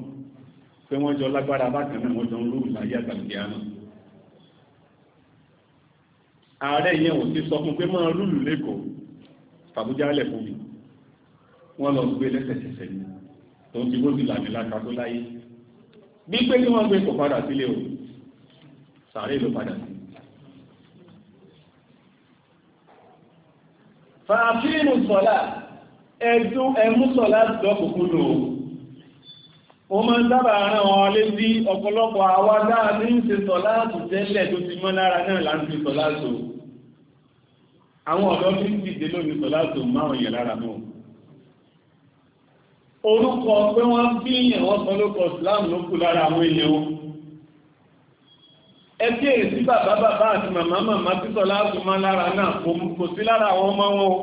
pé wọ́n jọ lágbára bákan náà wọ́n jọ ń rúùlù láyé àtàkìá náà ààrẹ yẹn ò ti sọ fún pé máa rúùlù lẹ́kọ̀ọ́ tàbújá lẹ̀ fún mi wọ́n lọ gbé lẹ́sẹ̀kẹsẹ̀ ni tó ń ti bó sàárè ló padà sí. fàáfíìnù sọ́lá ẹ̀dú ẹ̀mú sọ́lá dọ́kùnkúnnù o máa ń dábà ara wọn lé sí ọ̀pọ̀lọpọ̀ àwa dáa ní ń se sọ́lá tù tẹ́lẹ̀ tó ti mọ́ lára náà là ń fi sọ́lá tò àwọn ọ̀dọ́ fi ń dìde lónìí sọ́lá tò máwọn yẹ̀ lára náà orúkọ pé wọ́n bí ìyẹ̀wọ́n sọ lókọ̀ Islam ló kù lára àwọn èèyàn ẹbí èsì bàbá bàbá àti màmá màmá títọ́ láàbù má lára náà kò sí lára àwọn ọmọ wọn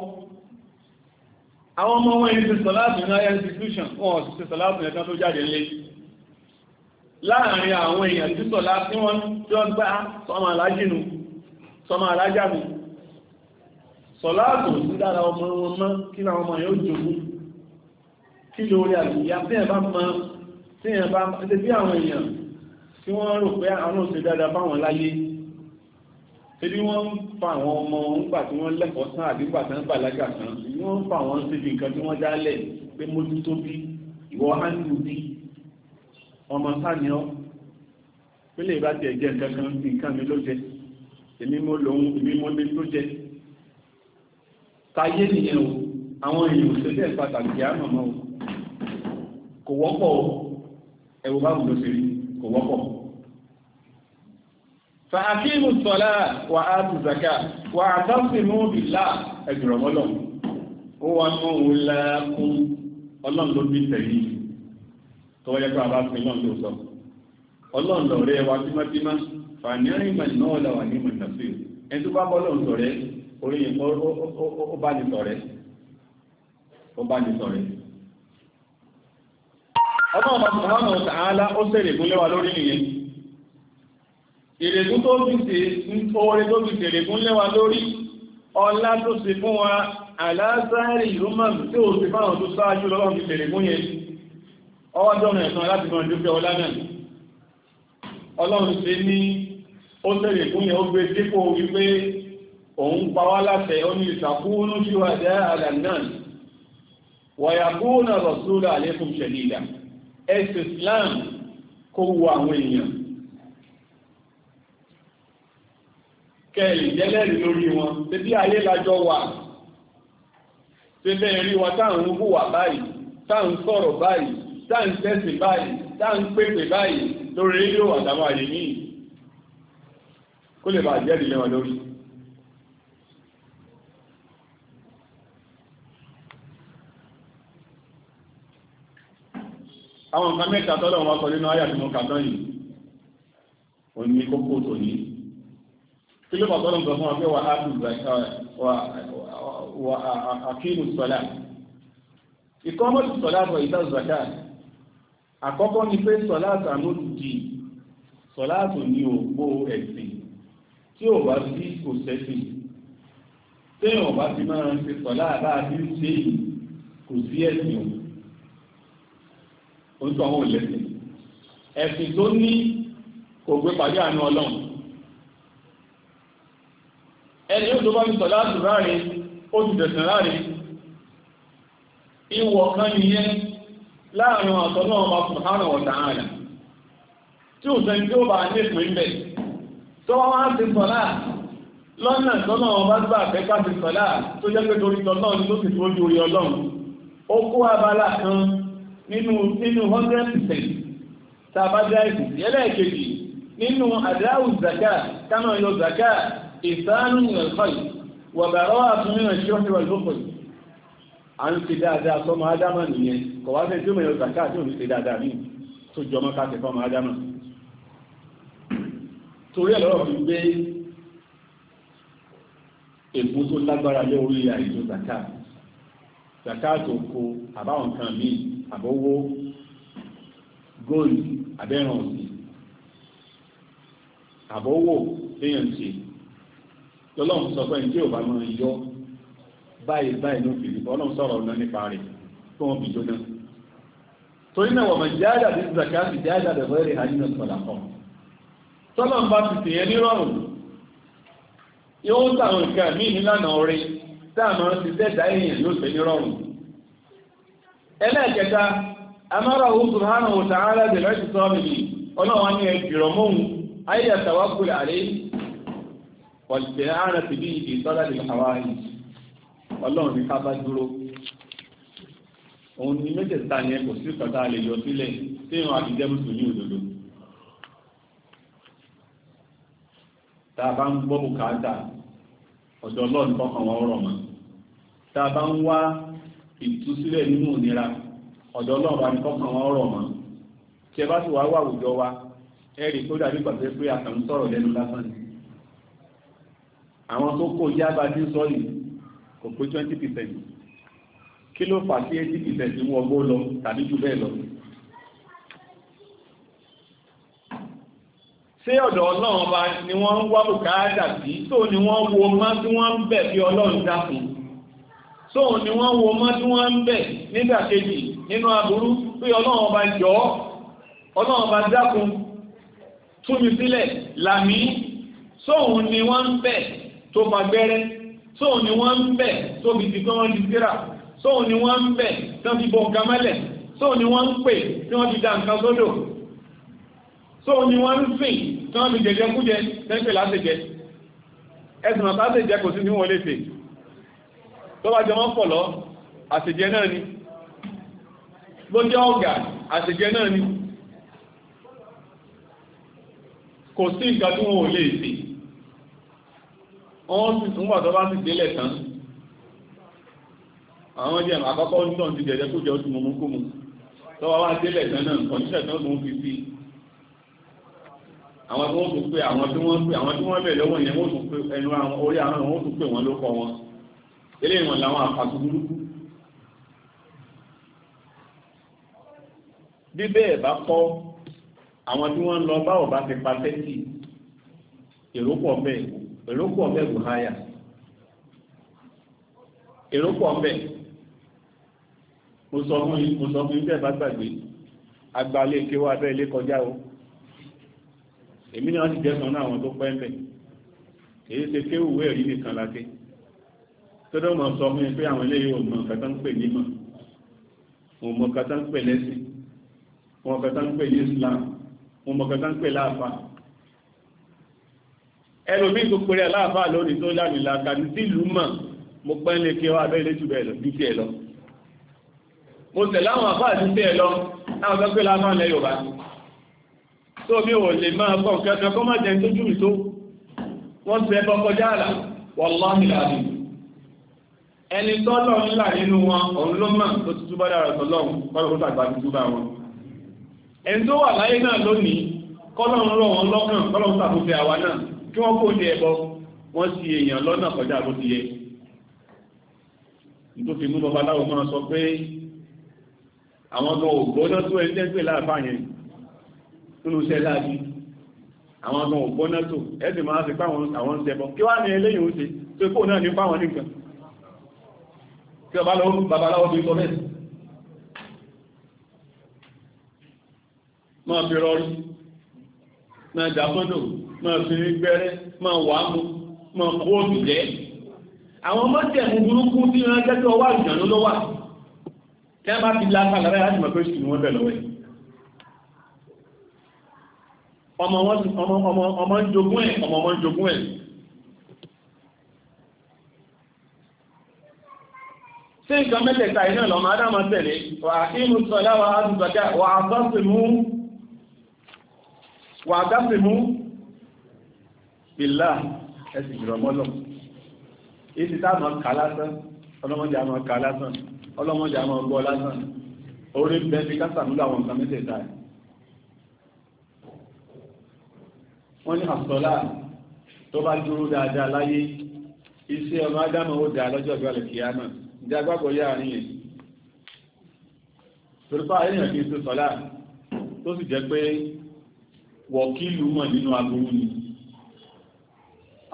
àwọn ọmọ wọn yìí ti sọ láàbù ní higher institution wọn sì ti sọ láàbù ní ẹ̀kan tó jáde ńlé láàárín àwọn èèyàn títọ̀ láti wọ́n tí wọ́n gbá sọmọ alájìnú sọmọ alájàmù sọ̀láàbù sí dára ọmọ wọn mọ́ kí náà ọmọ yóò jòkú kí lórí àgbìyà tí ẹ̀ bá mọ́ tí ẹ̀ bá mọ́ tí wọ́n rò pé àwọn òṣè dáadáa fáwọn láyé ebi wọ́n ń fa àwọn ọmọ ńgbà tí wọ́n lẹ́kọ̀ọ́ tán àbí ńgbà tán bàlágà tán ni wọ́n ń fa àwọn síbi nǹkan tí wọ́n dálẹ̀ pé mójútó bí ìwọ áńdù bí ọmọ sáníọ́ pé lè bá tiẹ̀ jẹ́ nǹkan kan nǹkan mi ló jẹ èmi mo lòun èmi mo lè tó jẹ táyé nìyẹn o àwọn èèyàn òṣèlú ẹ̀ pàtàkì àmọ̀mọ́ o kò wọ́pọ̀ o ẹ̀wò báwo kò wọ́pọ̀. fàákìmù sọlá wà á tù zaka wà á tọ́sí mú bìlá ẹ̀dùrọ̀mọ́lọ̀ ó wà ní òun lẹ́kún ọlọ́run ló bí tẹ̀lé tọ́wọ́ yẹ kó a bá fi náà ló sọ ọlọ́run lọ̀rẹ́ wa tímátímá fàníyàn ìmọ̀ náà lọ́wọ́ ní ìmọ̀ ìtàfẹ́ ẹni tó ó bá ní sọ̀rẹ́ ó bá ní sọ̀rẹ́ ọlọ́run subhanahu wa ta'ala ó sẹ̀rẹ̀ gúnlẹ̀ wa lórí nìyẹn ìrègún tó fi ṣe oore tó fi ṣẹ̀rẹ̀ gúnlẹ̀ wa lórí ọlá tó ṣe fún wa aláàzáàrí roman tí ó ṣe fáwọn tó sáájú lọ́lọ́run fi ṣẹ̀rẹ̀ yẹn ọwọ́ jọ́nà ẹ̀sán láti mọ̀ ìdúpẹ́ ọlá náà ọlọ́run ṣe ní ẹ̀sìn Islam kó wo àwọn èèyàn kẹ́ẹ̀lì jẹ́lẹ́rìí lórí wọn ṣe bí ayé lájọ wà ṣe bẹ́ẹ̀ rí wọn táà ń hùwà báyìí táà ń sọ̀rọ̀ báyìí táà ń tẹ́sìn báyìí táà ń báyìí lórí rédíò àtàwọn àyè míì kó lè bàjẹ́ ìlẹ́wọ̀n lórí àwọn nǹkan mẹ́ta tọ́lọ̀ wọn sọ nínú ayà tí mo kà tán yìí ò ní kókó tò ní tí ló bá nǹkan fún wa pé wà á kù wà sọlá bọ̀ ìta zaka àkọ́kọ́ ni pé sọlá àtàlódù di sọlá àtò ní òpó ẹ̀sìn tí ò bá sí kò sẹ́sìn téèyàn bá ti máa ń ṣe sọlá àbá àti kò sí ẹ̀sìn òun onítọ̀ àwọn òlẹ́sìn ẹ̀sìn tó ní kò gbé pàdé àánú ọlọ́run ẹni yóò tó bá ti sọ̀lá àtù láàrin ó ti dẹ̀sìn láàrin ìwọ̀ kan nìyẹn láàrin ọ̀tọ̀ náà bá fún hánà ọ̀tà ààrẹ tí ò sẹ́ni tí ó bá ní ìpín bẹ̀ tó wá wá ti sọ̀lá lọ́nà tọ́nà ọba gbà fẹ́ ká ti sọ̀lá tó jẹ́ pé torí tọ́nà ni ló ti fojú orí ọlọ́run ó kó abala kan nínú nínú hundred percent tá a bá dá ìkù ẹlẹ́ẹ̀kejì nínú àdáwù zaka kánà yọ zaka ìsánú ìrẹ̀kọ́ì wàbàrọ́ àtúnmíràn ṣọ́ọ̀ṣì wà lókòó à ń ṣe dáadáa sọmọ ádámà nìyẹn kọ̀ wá fẹ́ tí ó mẹ́yọ zaka tí ò ń ṣe dáadáa mí tó jọmọ́ ká tẹ̀ fọmọ ádámà torí ẹ̀ lọ́rọ̀ fi gbé èkó tó lágbára lé orí àìjọ zaka zakat oko àbáwọn nǹkan míì àbówó gold abẹ́ràn òsì àbówó léèyàn ṣe lọ́lọ́run sọ pé ní tí ò bá máa yọ báyìí báyìí ló fi rí ọlọ́run sọ̀rọ̀ ọ̀nà nípa rẹ̀ tó wọ́n fi jóná torí náà wọ́n máa jáde àbí zakati jáde àbẹ̀wọ́ èrè àyínà sọ̀dà kan tọ́lọ́run bá ti tèèyàn nírọ̀rùn yóò tàwọn nǹkan míì nílànà ọ̀rẹ́ táàmù ti tẹ́ta èèyàn yóò fẹ́ ní rọrùn ẹlẹ́ẹ̀kẹta amára òun subhanahu wa ta'ala bẹ̀rẹ̀ láti sọ mi ọlọ́wọ́n ní ẹgbìrọ̀ mọ́hun ayé àtàwákùn àlẹ́ ọ̀lẹ́dẹ̀ ha ti bí ìdí sọ́dá lè hàwá yìí ọlọ́run ní ká bá dúró òun ni mẹ́tẹ̀ẹ̀ta yẹn kò sí lè yọ sílẹ̀ tí mùsùlùmí ọ̀dọ̀ ọlọ́run kọkàn wọn rọ̀ mọ́ tá a bá ń wá ìtúsílẹ̀ nínú ìnira ọ̀dọ̀ ọlọ́run bá ní kọkàn wọn rọ̀ mọ́ tí ẹ bá sì wá wà àwùjọ wa ẹ rí kó dàbí pàṣẹ pé àkàn sọ̀rọ̀ lẹ́nu lásán ni àwọn tó kó yába tí ń sọ yìí kò pé twenty percent kí ló fà sí eighty percent mú ọgbó lọ tàbí jù bẹ́ẹ̀ lọ ṣé ọ̀dọ̀ ọlọ́run ọba ni wọ́n ń wá bùkátà sí tó ni wọ́n wo mọ́ tí wọ́n ń bẹ̀ bí ọlọ́run dákun tó ni wọ́n wo mọ́ tí wọ́n ń bẹ̀ nígbà kejì nínú aburú pé ọlọ́run ọba jọ ọlọ́run ọba dákun tú mi sílẹ̀ làmí sóhun ni wọ́n ń bẹ̀ tó fa gbẹ́rẹ́ sóhun ni wọ́n ń bẹ̀ tó fi ti kọ́ di síra sóhun ni wọ́n ń bẹ̀ tó fi bọ̀ nǹkan mẹ́lẹ̀ sóhun ni wọ́n ń pè tí wọ́n fi da nǹkan sódò so ni wọ́n ń sìn tí wọ́n fi jẹjẹ kújẹ tẹ́ńpẹ̀ lásìjẹ ẹ̀sùn àtàṣìjẹ kò sí ní wọ́n lè fè tó bá jẹ wọ́n pọ̀ lọ àṣìjẹ náà ni ló jẹ́ ọ̀gá àṣìjẹ náà ni kò sí nǹkan tí wọ́n ò lè fè wọ́n sì tún wà tó bá sì délẹ̀ tán àwọn jẹ́ àkọ́kọ́ nítorí jẹjẹ kújẹ ó ti mú mú kú mu tó bá wá délẹ̀ tán náà kọ̀níṣẹ̀ tán àwọn tí wọ́n tún pé àwọn tí wọ́n pé àwọn tí wọ́n bẹ̀ lọ́wọ́ yẹn wọ́n tún pé ẹnu àwọn orí àwọn wọ́n tún pé wọ́n ló kọ́ wọn eléyìí wọn làwọn àpàtù burúkú. bí bẹ́ẹ̀ bá kọ́ àwọn tí wọ́n ń lọ báwọ̀ bá ti pa tẹ́tì èrò pọ̀ bẹ́ẹ̀ èrò pọ̀ bẹ́ẹ̀ kò háyà èrò pọ̀ bẹ́ẹ̀ mo sọ fún yín mo sọ fún yín bẹ́ẹ̀ bá gbàgbé agbalẹ̀ kéwà bẹ́ẹ̀ lé kọjá o èmi náà sì jẹ́ sọ́nà àwọn tó pẹ́ mẹ́ èyí ṣe pé òwe ẹ̀rí nìkan la dé tó dọ́ mọ̀ sọ fún mi pé àwọn eléyìí ò mọ̀ nǹkan tó ń pè ní mọ̀ òun mọ̀ nǹkan tó ń pè lẹ́sìn wọn nǹkan tó ń pè ní Islam wọn mọ̀ nǹkan tó ń pè láàfà ẹlòmíì tó pèrè láàfà lónìí tó láàmì làkàdí tí ìlú mọ̀ mo pẹ́ lé kí ọ abẹ́lé jù bẹ́ẹ̀ lọ bí tiẹ̀ lọ mo tẹ̀lé àwọn àfáà ti tiẹ̀ lọ láwọn tó pè láàfà lẹ́yìn òbá tó mi ò lè máa gbọ́n kẹta kọ́ máa jẹun tójú mi tó wọ́n ti ẹbọ kọjá àlà wọ́láhì láàbì ẹni tọ́lọ̀ ńlá nínú wọn òun ló mọ̀ tó ti túbọ̀ dára tọ́lọ́run kọ́lọ̀ tó tàgbà ti túbọ̀ wọn ẹni tó wà láyé náà lónìí kọ́lọ̀ ń rọ̀ wọn lọ́kàn kọ́lọ̀ tó tàbùfẹ́ àwa náà kí wọ́n kó ní ẹbọ wọ́n sì èèyàn lọ́nà kọjá bó ti yẹ tó fi mú babaláwo máa sọ pé àwọn ọmọ ògbóná tó ẹni tẹ́gbẹ̀ láàbá yẹn nínú iṣẹ́ láàbí àwọn ọmọ ògbọ́nà tó ẹ̀sìn máa fi páwọn àwọn ṣẹbọ kí wá ní eléyìn oúnjẹ tó kó náà ní páwọn nìkan kí ọba lọ babaláwo bí sọ bẹ́ẹ̀ máa fi rọrí máa jàpọ́ndò máa fi gbẹ́rẹ́ máa wà mú máa kó òtù jẹ́ àwọn mọ́tẹ̀mú burúkú tí wọ́n jẹ́ tó wà ìjànú ló wà kí wọ́n bá fi lápá lára láti mọ̀ pé ṣùgbọ́n bẹ̀ lọ́wọ́ ọmọ wọn ọmọ ń jogún ẹ̀ ọmọ ọmọ ń jogún ẹ̀ tí nǹkan mẹ́tẹ̀ẹ̀ta iná lọ máa dáma tẹ̀lé wà inú sọ́lá wà ádùgbàjá wà àgbásìmú bílá ẹ̀sì ìrọ̀mọ́lọ̀ ìsì táàmà ká lásán ọlọ́mọdé àmà ká lásán ọlọ́mọdé àmà gbọ́ lásán orí bẹ́ẹ̀ fi kásàmúlò àwọn nǹkan mẹ́tẹ̀ẹ̀ta ẹ̀ wọ́n ní àsọlá tó bá dúró dáadáa láyé iṣẹ́ ọmọ ádámọ̀ ó dáa lọ́jọ́ ìgbà lè kíá náà ìdí agbábọ̀ yá àárín yẹn torípa èèyàn kì í ṣe sọlá tó sì jẹ́ pé wọ̀kílù mọ̀ nínú aburú ni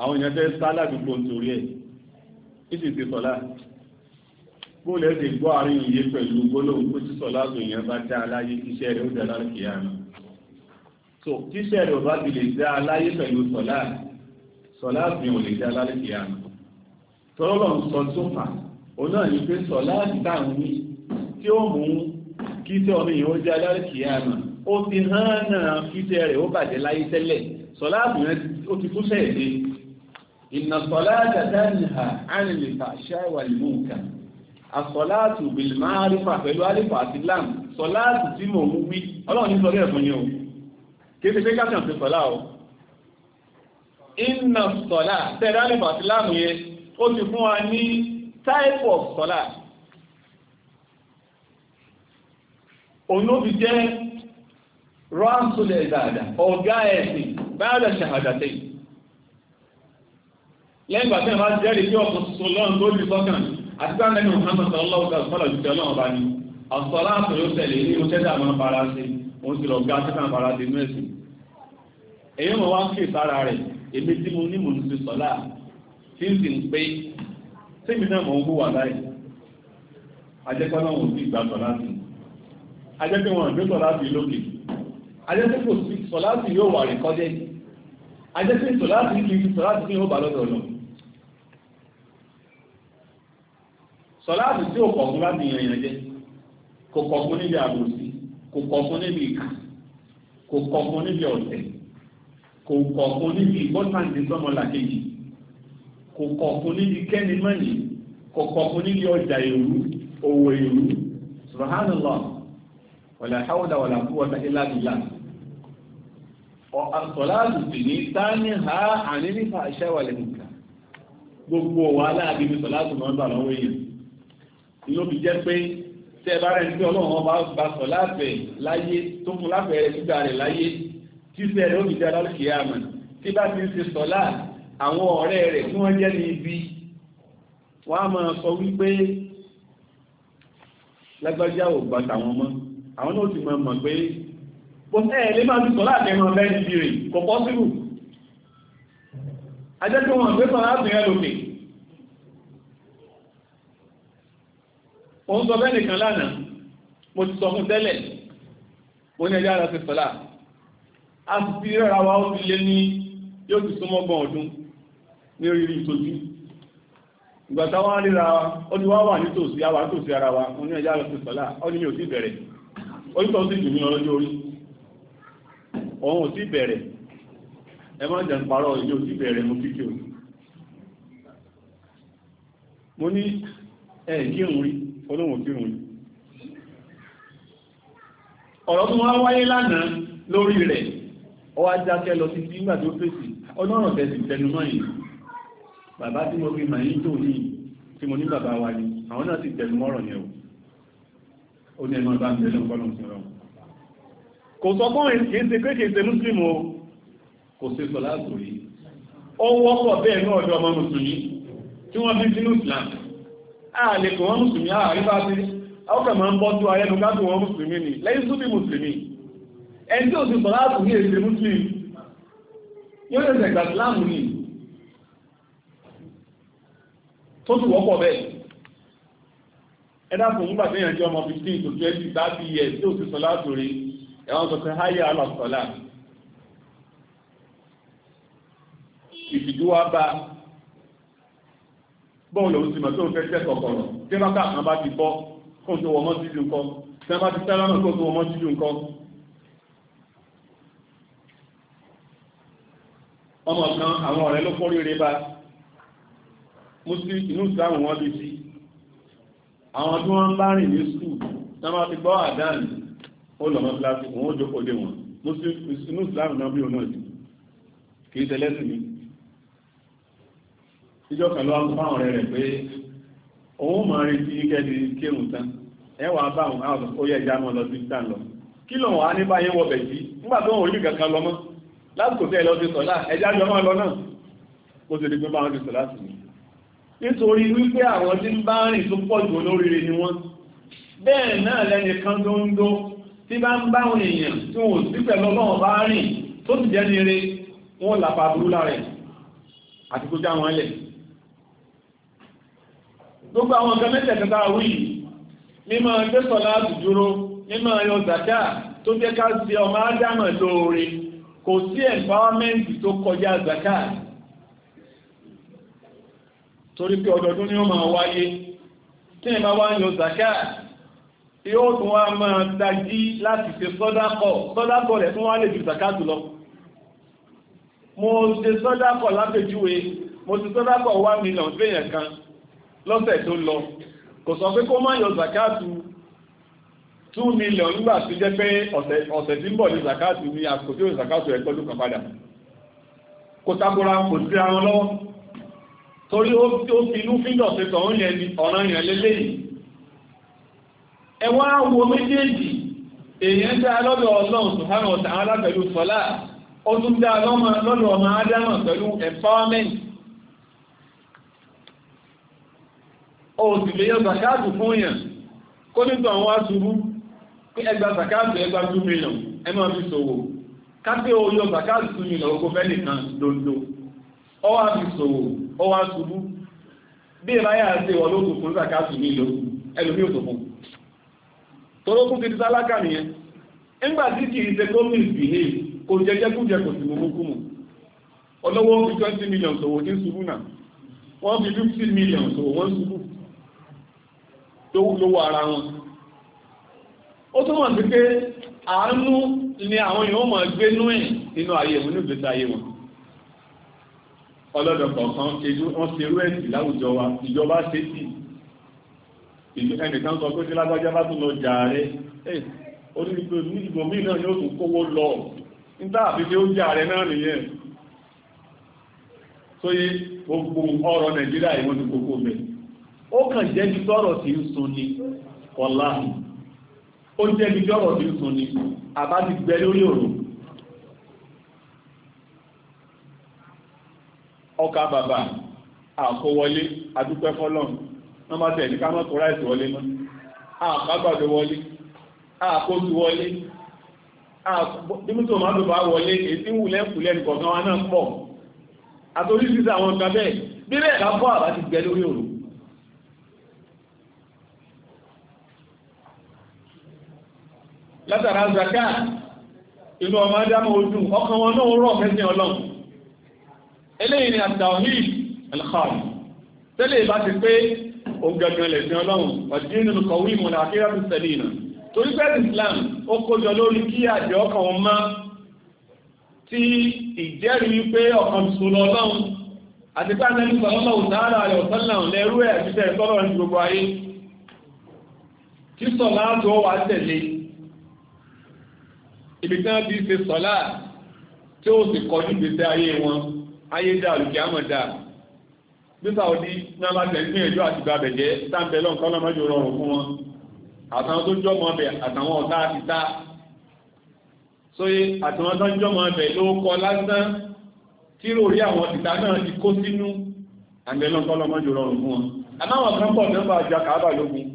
àwọn èèyàn fẹ́ sá ládùúgbò nítorí ẹ̀ ìsì ti sọlá bóòlù ti gbọ́ àárín iye pẹ̀lú gbólóhùn tó ti sọlá tó èèyàn bá dá aláyé iṣẹ́ rẹ̀ ó dáa lálẹ́ kíá náà so tíṣẹ́ rẹ̀ ọba ti lè dá aláyé pẹ̀lú sọ̀lá sọ̀lá mi ò lè dá aláyé kìí àná tọ́lọ́ ń sọ tó fà ó náà ní pé sọ̀lá àdìgbà ń ní tí ó mú kí tẹ́ ọmọ ìyẹn ó jẹ́ aláyé kìí àná ó ti hán náà kí tẹ́ rẹ̀ ó bàjẹ́ láyé tẹ́lẹ̀ sọ̀lá àbùrẹ́ ó ti kú sẹ́ẹ̀dẹ́ ìnà sọ̀lá àdàdà nìhà ánìlìfà ṣáìwà lìmúǹkà àsọ̀láàtù bìlìmáàrífà pẹ̀lú àlìfà àti lám sọ̀láàtù tí mò ń wí ọlọ́run ní sọ fún yín o kìí ṣe pé káṣàn ti sọ̀lá o iná sọ̀lá tẹ́lá lè bàtí láàmù yẹn ó ti fún wa ní type of sọ̀lá òun ló fi jẹ́ ránṣúlẹ̀ ìdáadà ọ̀gá ẹ̀sìn báyọ̀dà ṣàhàdàtẹ̀ lẹ́yìn ìgbà tí wọ́n jẹ́rìí tí ọkùn tuntun lọ́run tó di sọ́kàn àti bá mẹ́rin Muhammad sallallahu alaihi wa sallam ọba ni àsọ̀lá àtòyó tẹ̀lé oṣẹ́dà máa fara sí i òun sì lọ gá títà fara dé inú ẹ̀sìn èyí mọ̀ wá kí ìsára rẹ̀ èmi tí mo ní mò ń ti sọ́lá tí ń sì ń pé tèmi náà mọ̀ ń hùwà láì ajẹ́pẹ́ náà wọ́n sì gbà sọ́lá sí ajẹ́pẹ́ wọn àgbé sọ́lá sí lókè ajẹ́pẹ́ kò sí sọ́lá sí yóò wà rẹ̀kọ́jẹ́ ajẹ́pẹ́ sọ́lá sí kì í fi sọ́lá sí ní ìhóbà lọ́dọ̀ lọ sọ́lá sí tí ò kọ̀ọ̀kún láti yànyàn jẹ́ kò kọ̀ọ̀kún níbi àbòsí kò kọ̀ fún níbi ìkà kò kọ̀ fún níbi ọ̀tẹ̀ kò kọ̀ fún níbi ìgbọ́tàǹdì sọ́mọlà kejì kò kọ̀ fún níbi kẹ́ni mọ́yìn kò kọ̀ fún níbi ọjà èrú owó èrú subhanallah wala hawla wala quwwata illa billah ọ̀sọ̀láàdù sì ní táàní ha ànínífà ìṣẹ́wà lẹ́nìkà gbogbo wà láàbí ní sọ̀láàdù náà bà lọ́wọ́ èèyàn ló fi jẹ́ pé tẹ́ ẹ bá rẹ̀ nígbà ọlọ́run ọba gba sọ láàbẹ̀ láyé tó fún láàbẹ̀ rẹ̀ gbígbà rẹ̀ láyé tí sẹ́ rẹ̀ ó fi dá lálùkì àmà tí bá ti ń ṣe sọ láà àwọn ọ̀rẹ́ rẹ̀ tí wọ́n jẹ́ ní ibi wọ́n á máa sọ wípé lágbájá ò gbà tàwọn mọ́ àwọn náà ti máa mọ̀ pé bó ẹ lè máa ti sọ láàbẹ̀ máa bẹ́ẹ̀ ní ibi rẹ̀ kò pọ́sibù ajẹ́ pé wọ́n gbé sọ láàbẹ̀ rẹ̀ lókè mo ń sọ bẹ́ẹ̀ nìkan lánàá mo ti sọ fún tẹ́lẹ̀ mo ní sọ́lá a ti rẹ́ra wa ó ti lé ní yóò ti súnmọ́ gbọ́n ọdún ní oríire ìtọ́jú ìgbà táwọn ríra ó wa mo ní ẹjọ́ àlọ́sí sọ́lá ó ní mi ò sí bẹ̀rẹ̀ onítọ̀ sí jù mí ọlọ́jọ́ orí òun ò sí bẹ̀rẹ̀ ẹ má jẹ́ parọ́ ìjọ ò sí mo olóhùn kírun ni ọ̀rọ̀ tó wá wáyé lánàá lórí rẹ̀ ó wá jákẹ́ lọ sí nígbà tó fèsì ọlọ́rọ̀ tẹ̀sì tẹnumọ́ yìí bàbá tí mo fi mà ní tò ní tí mo ní bàbá wa ni àwọn náà ti tẹnumọ́ ọ̀rọ̀ yẹn o ó ní ẹnu ọba ń tẹ̀lé ọkọ́ lọ́wọ́ sọ̀rọ̀ kò sọ fún kìí ṣe pé o kò ṣe sọ láàbò yìí ó wọ́pọ̀ bẹ́ẹ̀ ní ọ̀dọ́ ọmọ ààlè kò wọ́n mùsùlùmí àríwá sí ọkọ̀ ma ń bọ́ tó ayẹ́nu káàkiri wọ́n mùsùlùmí ni lẹ́yìn tó bí mùsùlùmí ẹni tí ó sì sọ láàtù ní èdè mùsùlùmí yóò lè sẹ̀gbà síláàmù ni tó sì wọ́pọ̀ bẹ́ẹ̀ ẹ̀dá fún nígbà tí ìyànjẹ́ ọmọ 15 to 20 bá bí ẹ̀ tí ó sì sọ láàtù rí ẹ̀wọ̀n sọ pé háyà alọ́sọ̀lá ìfìdúwà bá bọ́ọ̀ lòun ti mọ̀ tó fẹ́ tẹ́ kọ̀kọ̀rọ̀ tí wọ́n bá kàn bá ti bọ́ kó tó wọ́n mọ́ sí ju nǹkan tí wọ́n bá ti sálámà kó tó wọ́n mọ́ sí ju nǹkan. ọmọ kan àwọn ọ̀rẹ́ ló kórè rẹ bá mùsùlùmí inú ìsáàmù wọn bí sí àwọn tí wọ́n ń bá rìn ní skul tí wọ́n ti gbọ́ àdáàlì ó lọ́mọ kíláàsì òun ó jókòó dé wọn mùsùlùmí inú ìsáàmù náà bí òun náà kì í tẹ́lẹ́sì mi ìjọ kan ló wá fún àwọn ọ̀rẹ́ rẹ̀ pé òun máa retí kẹ́ni kírun tán ẹ wà bá àwọn àwọn ó yẹ ìjà mọ́ lọ sí tán lọ kí lòun wá ní báyẹn wọ bẹ̀ sí nígbà tó ń orí kankan lọ mọ́ lásìkò tẹ́ ẹ lọ sí sọ́lá ẹja jọ máa lọ náà ó ti di pé báwọn ti sọ láti mi nítorí wípé àwọn tí ń bá rìn tó pọ̀ jù olóríire ni wọ́n bẹ́ẹ̀ náà lẹ́ni kan tó ń dó tí bá ń bá àwọn èèyàn tí wọn ò pẹ̀lú ọlọ́run bá rìn tó sì jẹ́ ní wọn làpá burú lára àti kó já wọn lẹ̀ gbogbo àwọn ọ̀gá mẹ́tẹ̀ẹ̀kẹta wí mímọ̀ gbé sọ̀lá dúró mímọ̀ yọ zàkà tó jẹ́ ká sí ọmọ ádámọ̀ lóore kò sí empowerment tó kọjá zàkà torí pé ọdọọdún ni ó máa wáyé tí ìbá wá ń yọ zàkà yóò tún wá máa dájí láti ṣe sọ́dákọ̀ sọ́dákọ̀ rẹ̀ tún wá lè ju zàkà jùlọ mo ṣe sọ́dákọ̀ lápèjúwe mo ṣe sọ́dákọ̀ one million fẹ́yàn kan lọ́sẹ̀ tó lọ kò sọ pé kó má yọ zakatu two million nígbà tó jẹ́ pé ọ̀sẹ̀ tí ń bọ̀ ní zakatu ní àsìkò tí ó zakatu ẹ̀ tọ́jú kan padà kò takora kò sí àwọn lọ́wọ́ torí ó fi inú fíńdọ̀ ṣe tọ̀ ọ̀ràn yẹn lélẹ́yìn ẹwà wo méjèèjì èèyàn dá lọ́dọ̀ ọlọ́run subhanahu wa ta'ala pẹ̀lú sọ́lá ó tún dá lọ́dọ̀ ọmọ ádámà pẹ̀lú empowerment òsì lè yan zakáàtù fún yàn kó nígbà wọn wá ṣubú pé ẹgbà zakáàtù ẹgbà 2 million ẹ máa fi ṣòwò kápẹ́ o yọ zakáàtù 2 million ogun fẹ́ nìkan dondo ọ wá fi ṣòwò ọ wá ṣubú bí ìráyà àti ìwọ̀ ló fún zakáàtù nílò ẹlòmí òṣòfò torókún ti sálákà nìyẹn nígbà tí kì í ṣe gómìn ìbìhè kò jẹjẹ kújẹ kò sì mú mú kú mu ọlọ́wọ́ wọ́n fi 50 million ṣòwò wọ́n ṣubú tó wúlówó ara wọn ó tó wọ́n sí pé àánú ni àwọn èèyàn mọ̀ gbénú ẹ̀ nínú ayé wọn ní ìgbésí ayé wọn ọlọ́dọ̀ kọ̀ọ̀kan wọ́n ṣe irú ẹ̀sì láwùjọ wa ìjọba ṣe sí ẹnìkan sọ pé tí lágbájá bá tún lọ jà rẹ onígbò nígbò míì náà yóò tún kówó lọ nígbà àfihàn ó jà rẹ náà nìyẹn tó yé gbogbo ọ̀rọ̀ Nàìjíríà ìwọ̀n ti kókó bẹ́ẹ̀ ó kàn jẹ́ bí tọ́rọ̀ tí ń sun ni ọ̀la ó jẹ́ bí tọ́rọ̀ tí ń sun ni àbá ti gbẹ lórí ọ̀rọ̀ ọkà bàbà àkówọlé adúpẹ́ fọ́lọ́n wọ́n bá tẹ̀lé ká mọ́kọ̀ ráìsì wọlé mọ́ àkágbàdo wọlé àkóso wọlé dímútò máa bèbà wọlé èsì wùlẹ̀ kùlẹ̀ nìkọ̀ọ̀kan wa náà pọ̀ àtorí sísà àwọn nǹkan bẹ́ẹ̀ bí bẹ́ẹ̀ lápọ̀ àbá ti gbẹ lórí ọ̀rọ̀ látara zaka inú ọmọ adámọ̀ ojú ọkàn wọn náà rọ̀ mẹ́sìn ọlọ́run eléyìí ni àtàwí alkhari tẹ́lẹ̀ bá ti pé ogangan lẹ̀sìn ọlọ́run ọ̀dínú kọ̀wé ìmọ̀lá akíra tó tẹ̀lé ìnà torí pé Islam ó kójọ lórí kí àjẹ ọkàn wọn má ti ìjẹ́rìí pé ọkàn sùnlọ ọlọ́run àti pé àná ibi tí wọ́n ti ṣe sọ́lá tí ó sì kọjú gbèsè ayé wọn ayé dá olùkí àmọ̀ dá gbígbà òdí náà bá tẹ̀ ní ẹjọ́ àti bàbẹ̀ jẹ́ sáńbẹ̀ lọ́n kọ́ lọ́mọdé rọrùn fún wọn àtàwọn tó jọ́ mọ́ bẹ̀ àtàwọn ọ̀tá àti tá sóyè àtàwọn tó ń jọ́ ló kọ lásán tí lórí àwọn tìta náà ti kó sínú àgbẹ̀ lọ́n kọ́ lọ́mọdé rọrùn fún wọn àmọ́ àwọn kan pọ̀ nípa àjà kàábà lógun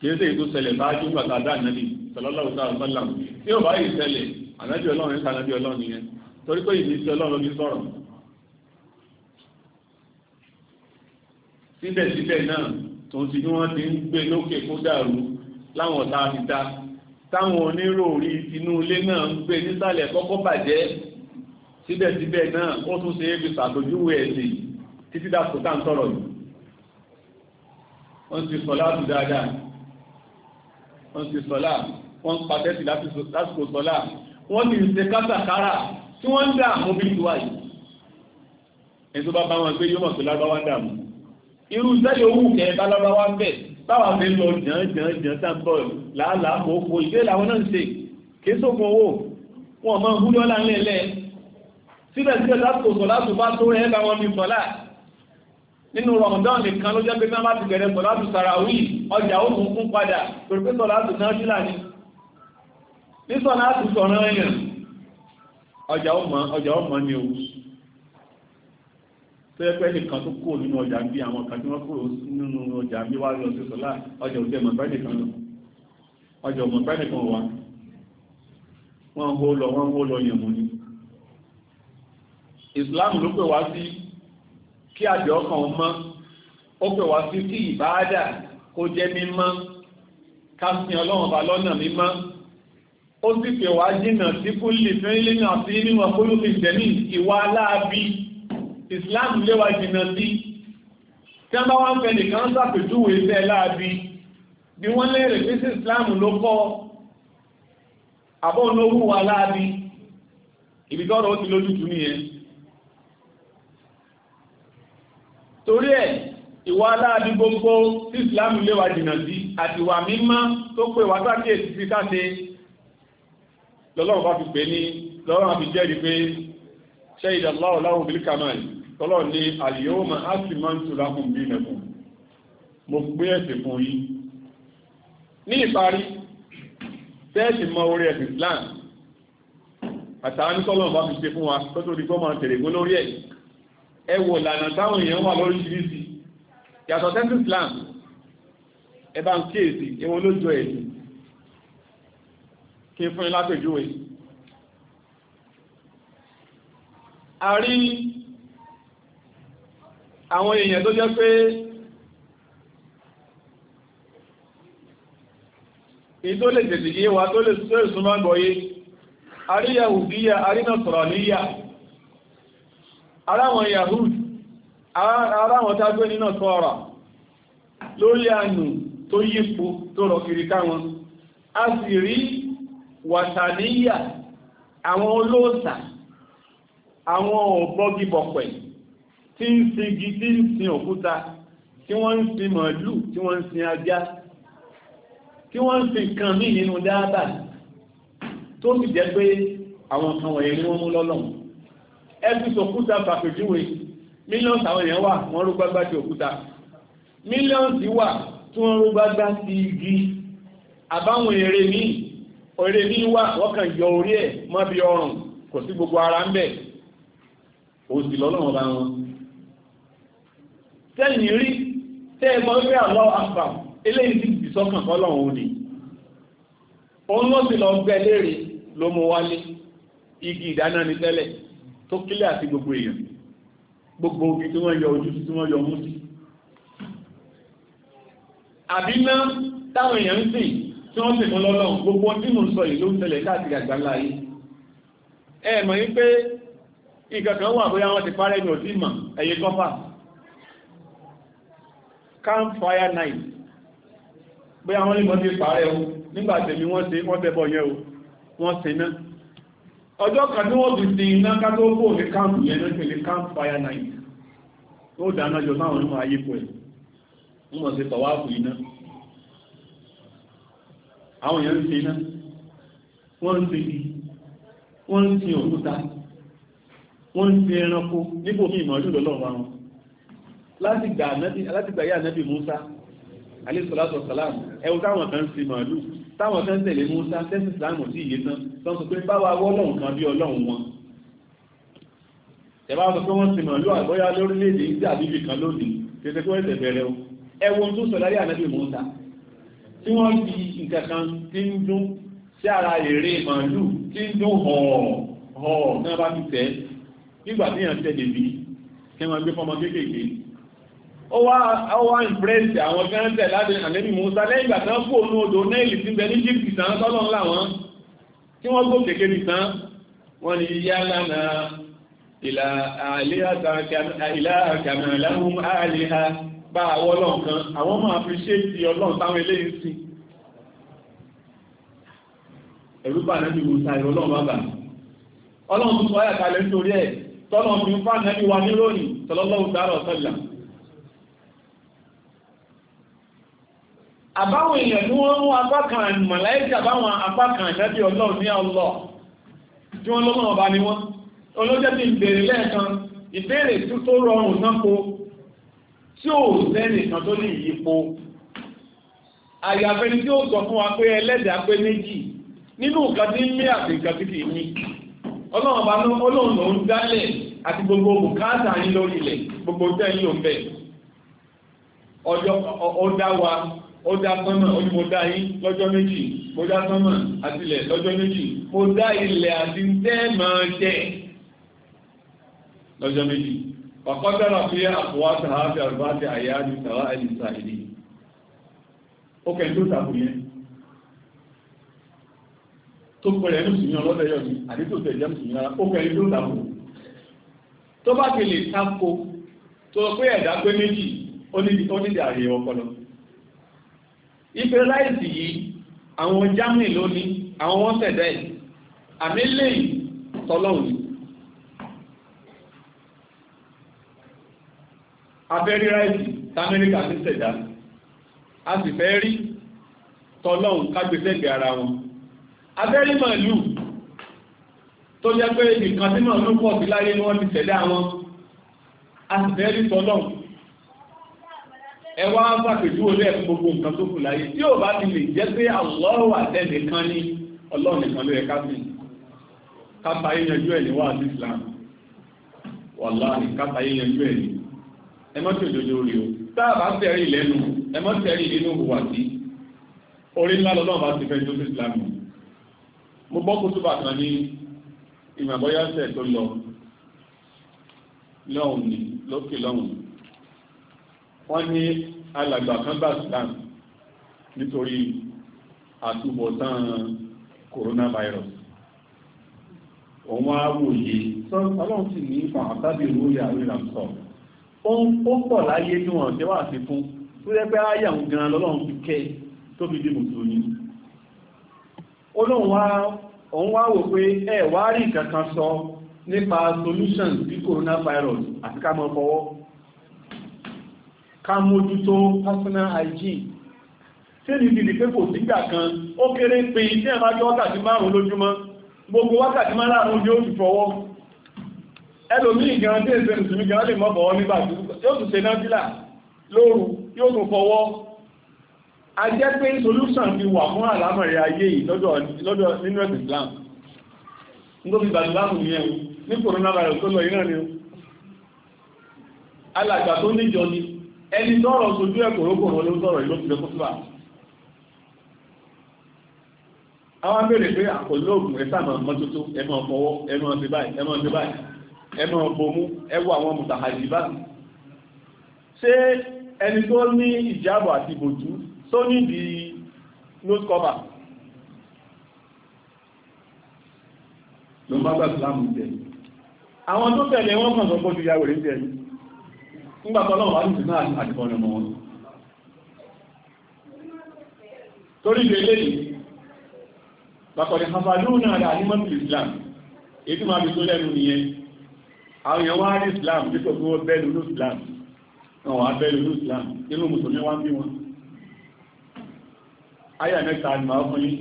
kìí ṣe ètò ṣẹlẹ̀ báájú bàtàdá ànábì sallallahu alaihi wasallam tí ó bá yìí ṣẹlẹ̀ ànábì ọlọ́run ní sànábì ọlọ́run nìyẹn torí pé ìdí sí ọlọ́run ní sọ̀rọ̀ síbẹ̀síbẹ̀ náà tó ti ní wọ́n ti ń gbé lókè kó dàrú láwọn ọ̀tá ti ta táwọn onírò orí inú ilé náà ń gbé nísàlẹ̀ kọ́kọ́ bàjẹ́ síbẹ̀síbẹ̀ náà ó tún ṣe é fi ṣàtòjúwe ẹ̀sìn títí dàpọ̀ ń sọ̀rọ̀ yìí wọ́n ti sọ láti dáadáa wọ́n ti sọ́lá wọ́n pàtẹ́sì lásìkò sọ́lá wọ́n ti ṣe kátàkárà tí wọ́n ń dà mú bí ìwà yìí ẹni tó bá bá wọn pé yóò mọ̀ pé lágbáwá dàmú irú sẹ́yìn owó kẹta lágbáwá bẹ̀ báwa fi lọ jàn jàn jàn sábọ̀ làálàá kòókò ìgbé làwọn náà ń ṣe kí sókun owó wọn máa ń hú dọ́là ńlẹ̀ẹ́lẹ́ síbẹ̀síbẹ̀ lásìkò sọ láti bá tó ẹ bá wọn bí sọlá nínú Ramadan nìkan ló jẹ́ pé náà bá ti bẹ̀rẹ̀ láti sàràwí ọjà ó tún kún padà torí pé sọ̀rọ̀ àtúntò náà sílà ni ní sọ̀rọ̀ àtúntò ọ̀ràn èèyàn ọjà ó mọ ọjà ó mọ ní o tó yẹ pé nìkan tó kúrò nínú ọjà bí àwọn kan tí wọ́n kúrò nínú ọjà bí wá lọ sí sọ́lá ọjà òjò ẹ̀mọ̀ pẹ́ nìkan lọ ọjà ọmọ pẹ́ Islam ló pè wá sí kí àjọ kó jẹ́ mímọ́ ká sin ọlọ́run ọba lọ́nà mímọ́ ó sì pè wá jìnnà sí kúlì fẹ́lẹ́ náà sí nínú ọkọ́lùkì ìjẹ́mí ìwà aláàbí Islam léwa jìnnà sí tí wọ́n bá wá ń fẹ́ nìkan ṣàpèjúwe iṣẹ́ láàbí bí wọ́n lérè pé sí Islam ló kọ́ àbọ̀ olówó wa láàbí ibi tọ́rọ ó ti lójútu nìyẹn torí ẹ̀ ìwà aláàbí gbogbo tí ìsìláàmù lè wà jìnà sí àti ìwà mímọ́ tó pè wá sáké sí káṣe lọ́lọ́run bá fi pè ní lọ́rọ̀ àfi jẹ́rìí pé ṣe ìdàláwọ̀ láwọn bil kamal tọ́lọ̀ ní al-yawma atmamtu lakum dinakum mo gbé ẹ̀sìn fún yín ní ìparí tẹ́ẹ̀sì mọ orí ẹ̀sìn Islam àtàwọn tọ́lọ̀ ẹ̀ ẹ wò táwọn èèyàn wà lóríṣiríṣi yàtọ̀ tẹ́ntì Islam ẹbá ń kíyèsí ìwọ̀n lójọ ẹ̀sìn kí fún ilápẹ̀júwẹ̀ a rí àwọn èèyàn tó jẹ́ pé ìtó lè tètè yé wa tó lè súnmọ́ gbọ́yé a rí Yahudiya a rí Nasraniya aráwọn Yahudi aráwọn tágbé nínà tọ́ọ̀rà lórí ànù tó yípo tó rọ̀ kiri káwọn a sì rí wàtàníyà àwọn olóòsà àwọn ọ̀bọ́gibọ̀pẹ̀ tí ń sin igi tí ń sin òkúta tí wọ́n ń sin màálù tí wọ́n ń sin ajá tí wọ́n ń sin kan mí nínú dáadáa tó sì jẹ́ pé àwọn kan wọ̀nyẹ ni wọ́n mú lọ́lọ́run Millions àwọn èèyàn wà wọ́n rú gbágbá ti òkúta mílíọ̀nù ti wà tí wọ́n rú gbágbá ti igi àbáwọn èrè ní èrè ní wà wọ́n kàn yọ orí ẹ̀ mọ́ bí ọrùn kò sí gbogbo ara ń bẹ̀ òsì lọ́nà ọba wọn tẹ́yìn rí tẹ́ẹ̀mọ́ pé àlọ́ àpà eléyìí ti bì sọ́kàn kọ́lọ̀hún òní òun ló sì lọ gbẹ́ léèrè ló mú wálé igi ìdáná ni tẹ́lẹ̀ tó kílẹ̀ àti gbogbo èèyàn gbogbo omi tí wọ́n yọ ojú tí wọ́n yọ mú sí àbí náà táwọn èèyàn ń sìn tí wọ́n sì mú lọ́lọ́run gbogbo tí mo sọ yìí ló ń tẹ̀lẹ̀ káàkiri àgbáńlá yìí ẹ mọ̀ ní pé ìkàkàn wà bóyá wọ́n ti parẹ́ ní òsì mọ̀ ẹ̀yẹ kọ́fà campfire night bóyá wọ́n lè mọ́ sí parẹ́ o nígbà tèmi wọ́n ṣe wọ́n ọjọ́ kan ní wọ́n ti sin iná ká tó kó ní káàmù yẹn ní pèlè káàmù fire night ó dáná jọ sáwọn nínú ayé pẹ̀ ń mọ̀ sí tọ̀wáàfù iná àwọn èèyàn ń sin iná wọ́n ń sin igi wọ́n ń sin òkúta wọ́n ń sin ẹranko nípò mí ìmọ̀jú lọ́lọ́run wa wọn láti gbà yá nẹ́bì Musa alẹ́ sọ́lá sọ́sọ́lá ẹ̀wọ̀n táwọn kan ń sin màálù táwọn tẹ́ ń tẹ̀lé Musa tẹ́sí Islam sí iye tán tó ń sọ pé báwa wọ́ lọ́hùn kan bí ọlọ́hun wọn tẹ̀bá sọ pé wọ́n ti mọ̀ ló àgbọ́yá lórílẹ̀-èdè ní àbíbì kan lónìí tẹ́tẹ́ tó ẹ̀sẹ̀ bẹ̀rẹ̀ o ẹwọ́n tó sọ láyé ànábì Musa tí wọ́n fi nǹkan kan tí ń dún sí ara èrè màálù tí ń dún họ̀ọ̀ họ̀ọ̀ náà bá fi tẹ̀ nígbà tí yàn tẹ̀ lè bí kí wọ́n gbé fọmọ kéékèèké ó wá ìpírẹ́sì àwọn gánṣẹ̀ láti ànẹ́bì Musa lẹ́yìn ìgbà tán kó ní odò nẹ́ìlì tí ń bẹ ní Egypt tán tọ́lọ́n láwọn tí wọ́n gbó kéke nì tán wọ́n ní yá lánàá ìlà àkàmìláhùn àìlèha bá àwọ́ ọlọ́n kan àwọn máa fi ṣe ti ọlọ́n táwọn eléyìí sí ẹ̀rú bà náà ní Musa ìrọlọ́n bàbà ọlọ́n tó sọ ayàkalẹ̀ nítorí ẹ̀ tọ́lọ́n fi ń fà náà ní wa níròyìn tọ́lọ́lọ́wọ́ àbáwọn èèyàn ní wọ́n mú apákan màláíkà báwọn apákan ìdájí ọlọ́run ní ọlọ́ tí wọ́n lọ́nà ọba ni wọ́n olójẹ́ ti bèèrè lẹ́ẹ̀kan ìbéèrè tó tó rọrùn nápo tí ó lẹ́nì kan tó ní ìyípo àyàfẹ́ ni tí ó sọ fún wa pé ẹlẹ́dàá pé méjì nínú nǹkan tí ń mí àti nǹkan tí kì í mí ọlọ́run ọba ọlọ́run ló ń dálẹ̀ àti gbogbo bùkátà yín lórí ilẹ̀ gbogbo tẹ́yìn ló ń bẹ̀ ọjọ́ ó dá wa ó dá sánmà ó ní mo dá yín lọ́jọ́ méjì mo dá sánmà àtilẹ̀ lọ́jọ́ méjì mo dá ilẹ̀ àti tẹ́ máa jẹ lọ́jọ́ méjì ọ̀kọ́dára fi àpòwá sàáfẹ́ àrùbáṣe àyà ní sàwá ẹni sàìdì ó kẹ́ tó sàkúnyẹ́ tó pẹ̀lẹ̀ ní ìsìnyàn lọ́dẹ̀ yọ̀ ní àdítò tẹ̀jẹ́ ìsìnyàn ó kẹ́ tó sàkú tó bá ti lè tako tó pé ẹ̀dá pé méjì ó ní ìdí ààrẹ ọpọlọ ife láìsí yìí àwọn germany lónìí àwọn wọ́n ṣẹ̀dá ẹ̀ àmì lẹ́yìn tọ́lọ́hùn abẹ́rí ráìsì tamẹ́ríkà ti ṣẹ̀dá a sì fẹ́ rí tọ́lọ́hùn kágbésẹ̀gbẹ̀ ara wọn abẹ́rí màálù tó jẹ́ pé nìkan tí màálù pọ̀ sí láyé ni wọ́n ti ṣẹ̀dá wọn a sì fẹ́ rí tọ́lọ́hùn ẹ wá pàpèjúwe bẹ́ẹ̀ fún gbogbo nǹkan tó kù láyé tí ò bá ti lè jẹ́ pé Allahu àtẹ́lẹ̀ kan ní ọlọ́run nìkan ló yẹ ká sìn kápá yíyanjú ẹ̀ ní wà ní Islam wàláhì kápá yíyanjú ẹ̀ ní ẹ mọ́ tí òjòjò rí o tá a bá tẹ̀rí lẹ́nu ẹ mọ́ nínú ìhùwà sí orí ńlá lọ́nà bá ti fẹ́ tó sí Islam mo gbọ́ kó tó bàtàn ní ìmọ̀ àbọ̀yá tó lọ lọ́hùn ní lókè lọ́hùn ní wọ́n ní alàgbà kan bá Sudan nítorí àtúbọ̀tán coronavirus òun wá wòye ọlọ́run sì ní ìfọ̀n àtàbí olóyè àríra sọ ó pọ̀ láyé tí wọ́n tẹ́wà sí fún tó yẹ pé ayà ń gan lọ́lọ́run fi kẹ́ tó fi dìbò tó ní olóhun wá òun wá wò pé ẹ wá rí kankan sọ nípa solution sí coronavirus àti ká mọ́ fọwọ́ ká mójútó personal hygiene tí ní ìdìdì pé kò kere kan ó kéré pé tí ẹ̀má wákàtí márùn lójúmọ́ gbogbo wákàtí márùn yóò ti fọwọ́ ẹlòmí tí èsẹ̀ ìsìnkú gan lè mọ́ bọ̀wọ́ nígbà yóò tún ṣe nájílà lóru yóò tún fọwọ́ a jẹ́ pé solution ti wà fún àlámọ̀rẹ̀ ayé lọ́dọ̀ nínú ẹ̀sìn ẹni tọ́rọ̀ sojú ẹ̀kọ́ orókòrò ló tọ́rọ̀ ìlú ti lọ́kọ́ síbà àwọn abẹ́rẹ̀ pé àkọlóògùn ẹ̀sàmà mọ́tótó ẹmọ́ ọ̀fọwọ́ ẹmọ́ ọ̀sẹ̀ báyìí ẹmọ́ ọ̀sẹ̀ báyìí ẹmọ́ ọ̀bọ̀mú ẹwọ́ àwọn mùtàhàjì báyìí ṣé ẹni tó ní ìjábọ̀ àti ìbòjú tó ní di nose cover ló má gbà sílámù jẹ àwọn tó tẹ̀lé wọn kàn sọ pé ó ti yàwó rí jẹ yìí nígbàtọ́lọ́wọ́ àdìsì náà àdìbọ̀nà mọ́ wọn torí ilẹ̀ yìí bàkọ̀dẹ̀ hafadúnà àdà alimọ́tì Islam ètí máa bí tó lẹ́nu nìyẹn àwọn èèyàn wá rí Islam dípò kó bẹ́ẹ̀lú ní Islam wọn wá bẹ́ẹ̀lú ní Islam inú mùsùlùmí wá ń bí wọn ayà mẹ́ta ni máa fún yín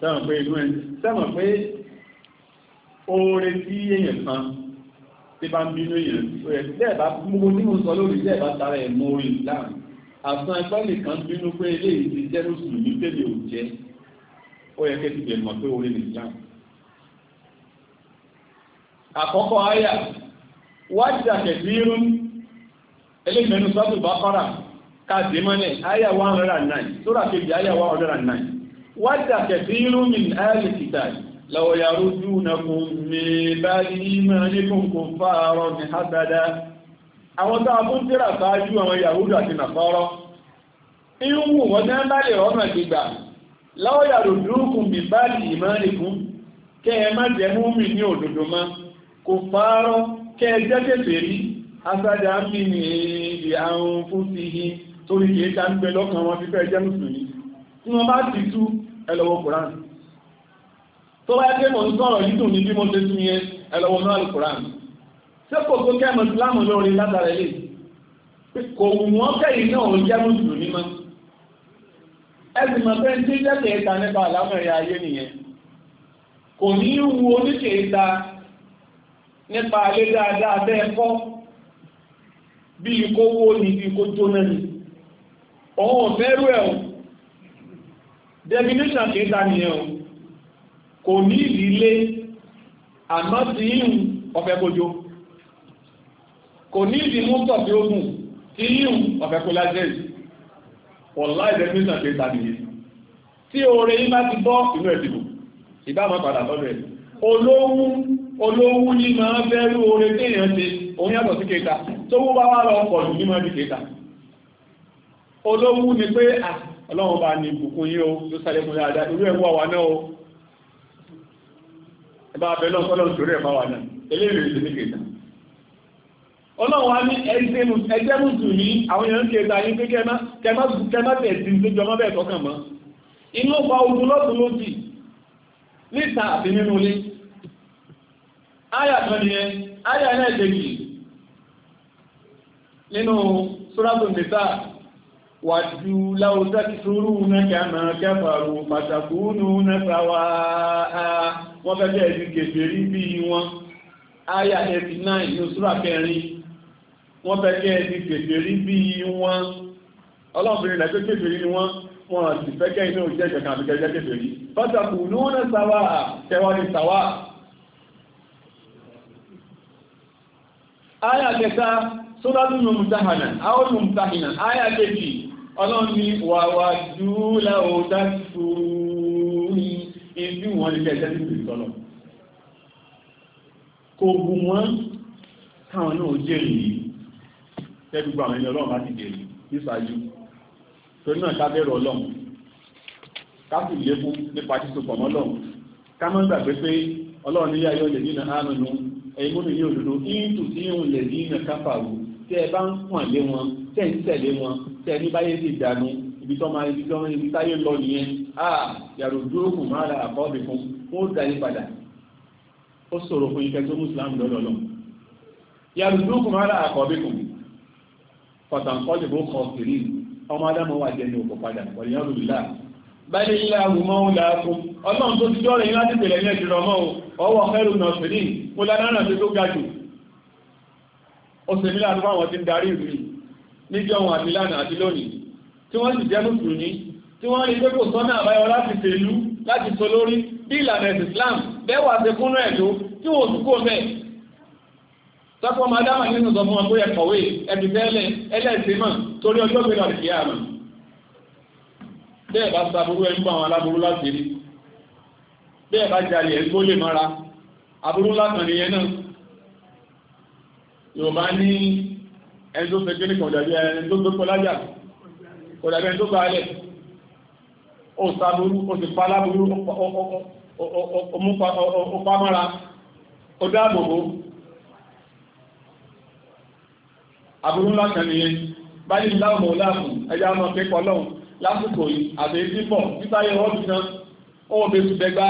sẹ́wọ̀n pé inú ẹ̀ sẹ́wọ̀n pé oore tí èèyàn kan tí bá ń bínú èèyàn rẹ̀ lẹ́ẹ̀bá mú ní mo sọ lórí lẹ́ẹ̀bá tara ẹ̀ mọ orin Islam àsan ẹgbẹ́ nìkan bínú pé eléyìí ti jẹ́ mùsùlùmí tẹ́lẹ̀ ò jẹ́ ó yẹ kẹ́sì bẹ̀ mọ̀ pé orin Islam. àkọ́kọ́ àyà wájà kẹ̀síírún eléyìí mẹ́nu sọ́tù bá kọ́ra káàdì mọ́lẹ̀ àyà one hundred and nine sórà kejì àyà one hundred and nine wájà kẹ̀síírún min áyà kìtàyì لو يردونكم من بعد إيمانكم كفارا حسدا àwọn tó abún tíra sáájú àwọn Yahudu àti Nasara inú wọ́n tẹ́ ń bá lè rọ́nà gbígbà láwọ́ yàrò dúrúkùn bí báàlì ìmánìkún kẹ́ ẹ má jẹ́ múmi ní òdòdó má kò fàárọ́ kẹ́ ẹ jẹ́ kẹfẹ́ rí asájà ń bí ní èdè ẹlọ́wọ́ Kùránì tó bá yẹ mọ̀ ń sọ̀rọ̀ yìí dùn ní bí mo ṣe tún yẹ ẹlọ́wọ́ náà alukuran ṣé kò tó kẹ́ mùsùlámù lórí látara ilé kò wù wọ́n kẹ́yìn náà ó jẹ́ mùsùlùmí mọ́ ẹ̀sìn mọ̀ pé ń tí jẹ́ kẹta nípa àlámọ̀rẹ́ ayé nìyẹn kò ní í wu oníkèéta nípa alẹ́ dáadáa bẹ́ẹ̀ kọ́ bí ikó wó ni bí ikó jóná ni òun ò fẹ́ rú ẹ̀ o definition kẹta nìyẹn o kò ní ìdílé àmọ́ ti ìhùn ọ̀fẹ́ kójó kò ní ìdímú tọ̀fẹ́ ogun ti ìhùn ọ̀fẹ́ kó lájẹ́ ọ̀lá ìdẹ́gbẹ́sàn ṣe tàbíyé tí oore yí bá ti bọ́ inú ẹ̀dìbò ìbámọ́ padà tọ́lọ̀ ẹ̀ olówú olówú ní máa bẹ̀rù oore téèyàn ṣe òun yàtọ̀ sí kẹta tó wó bá wá lọ pọ̀ jù ní ni pé ah, ọlọ́run bá ní ìbùkún yí o ló sáré fún ẹ̀wọ́ àwa náà ẹbá abẹ́lọ́ ọlọ́run torí ẹ̀bá wà náà eléèrè ìsinmi kẹta ọlọ́run ọrụ ní ẹgbẹ́ mùsùlùmí àwọn èèyàn kẹta yín pé kẹmá tẹ̀ sí ní jọmọ́ bẹ́ẹ̀ tọ́kàn mọ́ inú pa ogun níta àti nínú ilé náà ṣe kì nínú ودوا لو تكفرون كما كفروا فتكونون سواء wọ́n fẹ́ bẹ́ẹ̀ ju kèfèrí bí wọn aya eighty nine ní sura kẹrin wọ́n fẹ́ bẹ́ẹ̀ ju kèfèrí bí wọn ọlọ́ọ̀bìnrin rẹ̀ pé kèfèrí ni wọ́n wọ́n ti fẹ́ kẹ́ inú òjẹ́ ìjọ̀kà àbíkẹ́ jẹ́ kèfèrí ọlọ́run ní wàwà dúúlà ó dájú ní ibi wọn ní kẹsẹ́ ní ìpè sọ́lọ̀ kò gùn wọ́n káwọn náà jẹ́rìí tẹ́bí gbọ́ àwọn ẹni ọlọ́run bá ti jẹ́rìí níṣáájú torí náà ká bẹ̀rù ọlọ́run ká sì lékún nípa títúpọ̀ mọ́ ọlọ́run ká má gbàgbé pé ọlọ́run ní yáyọ́ lè nínú àánú nu ẹ̀yin múni ní òdodo íńtù sí ìhùn lè nínú káfàrú tẹ́ ẹ bá ń pọ̀n lé wọn tẹ́ ń tẹ̀lé wọn tẹ̀lé báyé sì dànù ibi tó máa ibi tó máa ibi táyé lọ nìyẹn a yàrá dúró kù máa ra àkọ́ọ̀bì fún wọn ó dàní padà ó sọ̀rọ̀ fún ìfẹ́ tó mùsùlùmí lọ́lọ́lọ́ yàrá dúró kù máa ra àkọ́ọ̀bì fún kọ̀tàǹkọ́lì bó kọ̀ kiri ọmọ adámọ̀ wà jẹ́ ní òkò padà wọ̀nyí ọlùlá báyìí ilé àwùmọ́ ń la kún ọlọ́run tó ti jọ́ rẹ̀ láti tẹ̀lé ní ẹ̀jẹ̀ rọmọ́ o ọwọ́ fẹ́rù náà fèrè mo lára náà ti tó ga jù ó ní láti fún àwọn tí ń darí ìrìn níjọ́ wọn àti lánàá àti lónìí tí wọ́n sì jẹ́ mùsùlùmí tí wọ́n rí pé kò sọ́nà àbáyọ láti tèlú láti sọ lórí bí ìlànà ẹ̀sìn Islam bẹ́wà ṣe kúnnú ẹ̀dọ́ tí wọ́n tún kó bẹ́ẹ̀ sọ́pọ̀ máa dáhùn nínú sọ fún wọn pé ẹ̀kọ̀wé ẹ̀bí tẹ́lẹ̀ ẹlẹ́sìn mọ̀ torí ọjọ́ gbẹ̀rẹ̀ àti ìyá mọ̀ bẹ́ẹ̀ bá sàbúrú ẹ̀mú àwọn aláburú láti rí bẹ́ẹ̀ bá jalè ẹ̀gbó lè mara aburú látàn nìyẹn náà Yorùbá ní ẹni tó fẹ́ kíní kọ̀dàbí ẹni tó gbẹ́kọ́ lájà kọ̀dàbí ẹni tó gba alẹ̀ o sàbúrú o sì pa lábúrú ó pamọ́ra o dáàbòbò àbúrú ńlá kan nìyẹn báyìí láwọn ọ̀làmù ẹja ọmọ pẹ́kọ̀ lọ́hùn lásìkò yìí àti ìdíbọ̀ títàyẹ ọdún náà ó wọ́n bẹ́ẹ̀ tún bẹ́gbá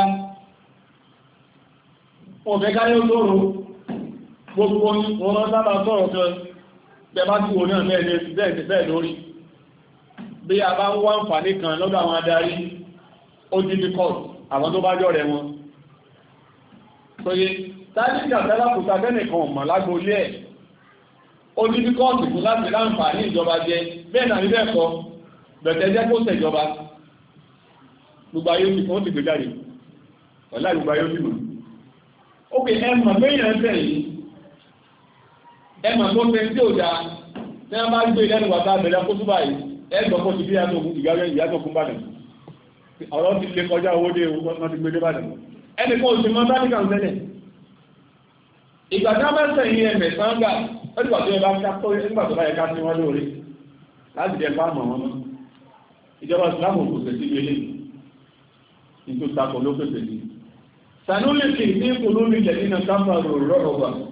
ó bẹ́gbá yóò lóòrò gbogbo wọn sábà sọ̀rọ̀ kan bẹ́ẹ̀bá tí wo náà bẹ́ẹ̀ bẹ́ẹ̀ lórí bí a bá ń wá àǹfààní kan lọ́dọ̀ àwọn adarí ó difficult àwọn tó bá jọ rẹ̀ wọn sóyé tájíkà tẹ́lápùtà bẹ́nìkan ọ̀mọ̀ lágbólé ẹ̀ ó difficult fún láti láǹfààní ìjọba jẹ bẹ́ẹ̀ náà níbẹ̀ kọ bẹ̀tẹ̀ jẹ́ kó ṣèjọba gbogbo ayé ti fún ó ti gbé jáde ọ̀lá gbogbo ayé ó ti mọ̀ ó kè ẹ mọ̀ pé èèyàn tẹ̀yìn ẹ mà tó fẹ́ tí ò da tí wọ́n bá gbé e lẹ́nu wà tá bẹ̀rẹ̀ kó túbà yìí ẹ gbọ́ kó ti bí ìyá tó kún bàdàn ọ̀rọ̀ ti lè kọjá owó dé wọ́n ti gbé dé bàdàn ẹnì kan ò sì mọ sáníkà ń tẹ́lẹ̀ ìgbà tí wọ́n bá sẹ̀yìn ẹ̀mẹ̀ sáńgà ẹni wà tó yẹ bá ń ká tó nígbà tó bá yẹ ká ní wọn lóore láti jẹ bá mọ̀ wọn ìjọba ìsìlámù kò sèṣì lélẹ̀ nítorí takò ló pèsè sí sanúlẹ̀ ní kùlú ní jẹ̀dínà káfà rò rọ̀rọ̀ wà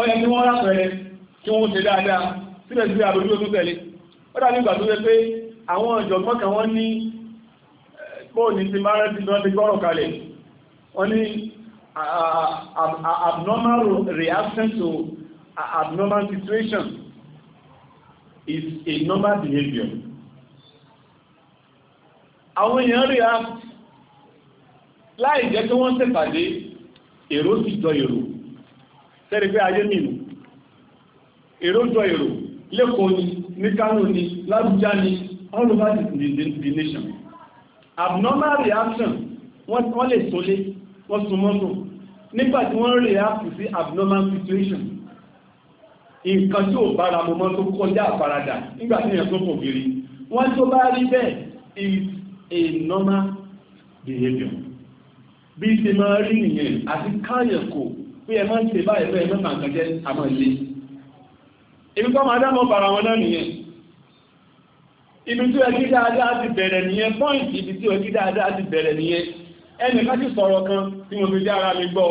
ọyẹ tí wọ́n rápẹ̀rẹ kí wọ́n ṣe dáadáa síbẹ̀síbẹ̀ àbójútó tó tẹ̀lé ó dàbí ìgbà tó yẹ pé àwọn ọ̀jọ̀gbọ́n kan wọ́n ní eh, bóòní ti máa rẹ́sì lọ́ti gbọ́rọ̀ kalẹ̀ wọ́n ní abnormal reaction to abnormal situation is a normal behavior àwọn èèyàn rí a láì jẹ́ tí wọ́n ṣèpàdé èrò sì jọ èrò tẹ́rì pé ayé nìlú èròjọ èrò lẹ́kọ̀ọ́ ni ní Kánò ni lábújá ni all over the, the, the nation abnormal reaction wọ́n lè tólé wọ́n súnmọ́tò nígbàtí wọ́n react sí abnormal situation nǹkan tí ò bára mọ́mọ́ tó kọjá àfaradà nígbàtí èèyàn tó kò gírí wọ́n tó bá rí bẹ́ẹ̀ is a normal behavior bí i ṣe máa rí nìyẹn àti káyẹ̀kọ̀ọ́ pé ẹ máa ń ṣe báyìí pé ẹ máa ń kàn jẹ́ àmọ́ ilé ibi kọ́ máa dámọ́ bàrà wọn náà nìyẹn ibi tí ẹgbí dáadáa ti bẹ̀rẹ̀ nìyẹn pọ́ìntì ibi tí ẹgbí dáadáa ti bẹ̀rẹ̀ nìyẹn ẹnì ká sì sọ̀rọ̀ kan tí mo fi dá ara mi gbọ́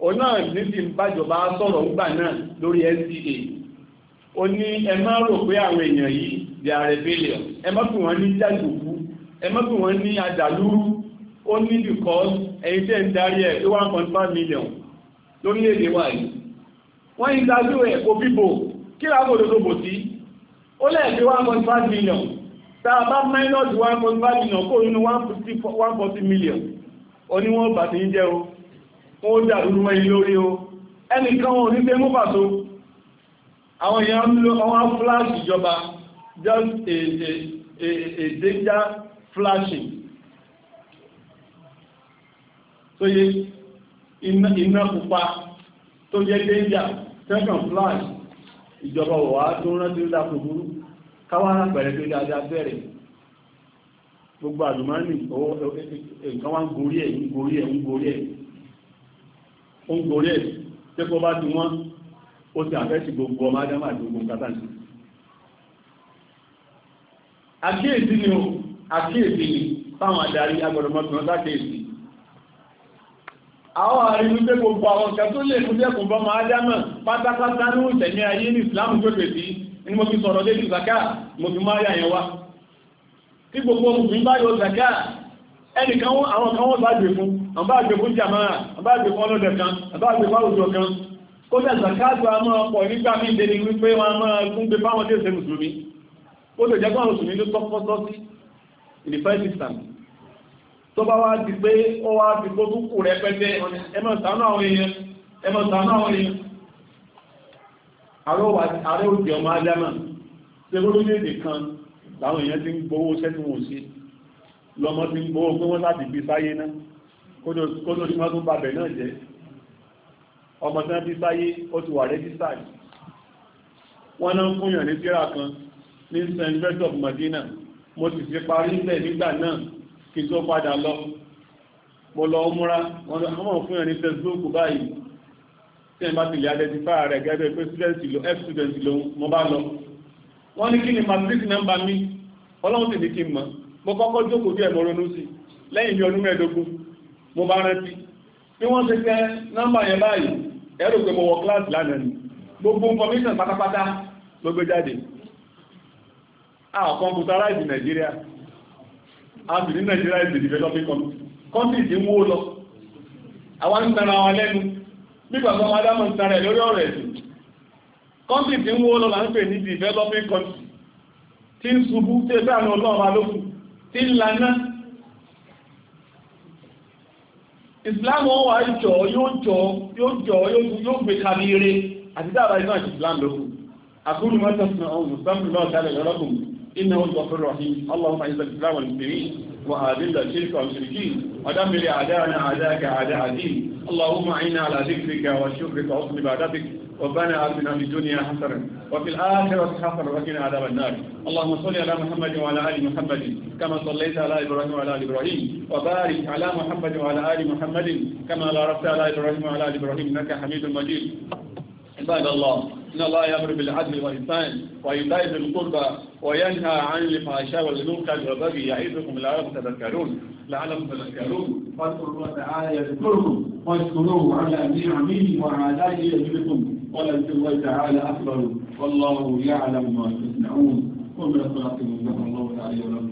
òun náà ní ti bájọba sọ̀rọ̀ ńgbà náà lórí NCA ó ní ẹ má rò pé àwọn èèyàn yìí di ààrẹ bẹ́lẹ̀ ẹ má pè wọ́n ní jàǹdùkú ẹ má pè wọ́n ní àdàlúrú ó ní because ẹ̀yìn tẹ́ ń darí ẹ̀ tó 1.5 million lórílẹ̀-èdè wa yìí wọ́n yí dájú ẹ̀ òbíbò kí lágbò lóbò sí ó lẹ́ẹ̀dẹ́ 1.5 million tàà bá minus 1.5 million kó nínú 140 million oní wọ́n bàtí ń jẹ́ o wọ́n ó dàrú mọ́ ilé orí o ẹnìkan wọn ní tẹ́mú pàtó àwọn èèyàn ń lo àwọn flash ìjọba just a, a, a, a danger flashing tó yé iná pupa tó yẹ danger second flash ìjọba wà tó rántí ó dákò burú káwá pẹ̀lẹ́ pé dáadáa bẹ̀rẹ̀ gbogbo àlùmọ́nì nǹkan wá ń gorí ẹ̀ ń gorí ẹ̀ ń gorí ẹ̀ ń gorí ẹ̀ tẹ́kọ́ bá ti wọ́n ó ti àfẹ́sì gbogbo ọmọ adámà àti gbogbo nǹkan àkíyèsí ni o àkíyèsí ni fáwọn adarí agbọ̀dọ̀mọ́tò náà sákèèsí àwọn àríwí pé gbogbo àwọn ǹkan tó lè fún jẹ́kùn bọ́ máa dámọ̀ pátápátá ní ìtẹ̀mí ayé ní ìsìlámù gbèsè sí ní mo fi sọ̀rọ̀ lé ìzàká mo fi máa yà yẹn wá tí gbogbo mùsùlùmí bá yọ ìzàká ẹnìkan àwọn kan wọ́n bá gbè fún àbá gbè fún jàmáà àbá gbè fún ọlọ́dẹ kan àbá gbè fún àwùjọ kan kó a máa pọ̀ nígbà mí ìdẹni wípé wọn máa gún gbé fáwọn tí ó ṣe mùsùlùmí ó lè jẹ́ fún àwọn mùsùlùmí ló tọ́kọ́ tọ́ tó bá wá di pé ó wá di kó tó kù rẹpẹtẹ ẹmọ ìtànà àwọn èèyàn ẹmọ ìtànà àwọn èèyàn ààrẹ òjì ọmọ adámà tí ó lórí èdè kan láwọn èèyàn ti ń gbowó sẹ́tù wọn sí lọmọ ti ń gbowó pé wọ́n láti bí sáyé náà kó tó dímọ́ tó bàbẹ̀ náà jẹ́ ọmọ tí wọ́n bí sáyé ó ti wà rẹ́jísàì wọ́n náà fúnyàn ní tíra kan ní st. bishop Medina mo kí tó padà lọ mo lọ múra wọn mọ̀ fún ẹni facebook báyìí tí ẹ̀ bá ti lè identify rẹ̀ gẹ́gẹ́ pé student lo f student lo mo bá lọ wọ́n ní kí ni matric number mi ọlọ́run sì ní kí n mọ̀ mo kọ́kọ́ jókòó díẹ̀ mo ronú sí lẹ́yìn ní ọdún mẹ́ẹ̀ẹ́dógún mo bá rántí bí wọ́n ṣe tẹ nọ́mbà yẹn báyìí ẹ̀rù pé mo wọ kíláàsì lánàá ni gbogbo information pátápátá ló gbé jáde a computerize Nàìjíríà àbì ní Nigeria is the developing country country ti ń wó lọ àwọn ń tara wọn lẹ́nu nígbà tó wọn dámọ̀ ń tara ẹ̀ lórí ọ̀rọ̀ ẹ̀sìn country ti ń wó lọ là ń pè ní developing country tí ń ṣubú tí ẹgbẹ́ àwọn ọlọ́run alókù tí ń laná Islam wọn wà jọ yóò jọ yóò jọ yóò gbé kàmí eré àti dáàbà iná àti Islam lókù àkúrú mọ́tò sí ọ̀hún sọ́mùlọ́ọ̀dálẹ̀ lọ́rọ́gùn إنه الغفور الرحيم اللهم أعز الإسلام والمسلمين وأذل الشرك والمشركين ودمر أعداءنا أعداءك أعداء الدين اللهم أعنا على ذكرك وشكرك وحسن عبادتك ربنا آتنا في الدنيا حسنة وفي الآخرة حسنة وقنا عذاب النار اللهم صل على محمد وعلى آل محمد كما صليت على إبراهيم وعلى آل إبراهيم وبارك على محمد وعلى آل محمد كما باركت على إبراهيم وعلى آل إبراهيم إنك حميد مجيد عباد الله إن الله يأمر بالعدل والإحسان وإيتاء ذي القربى وينهى عن الفحشاء والمنكر والبغي يعظكم لعلكم تذكرون لعلكم تذكرون فاذكروا الله تعالى يذكركم واشكروه على نعمه وعلائه يجركم ولذكر الله تعالى أكبر والله يعلم ما تصنعون ومن صلاة الله تعالى ولم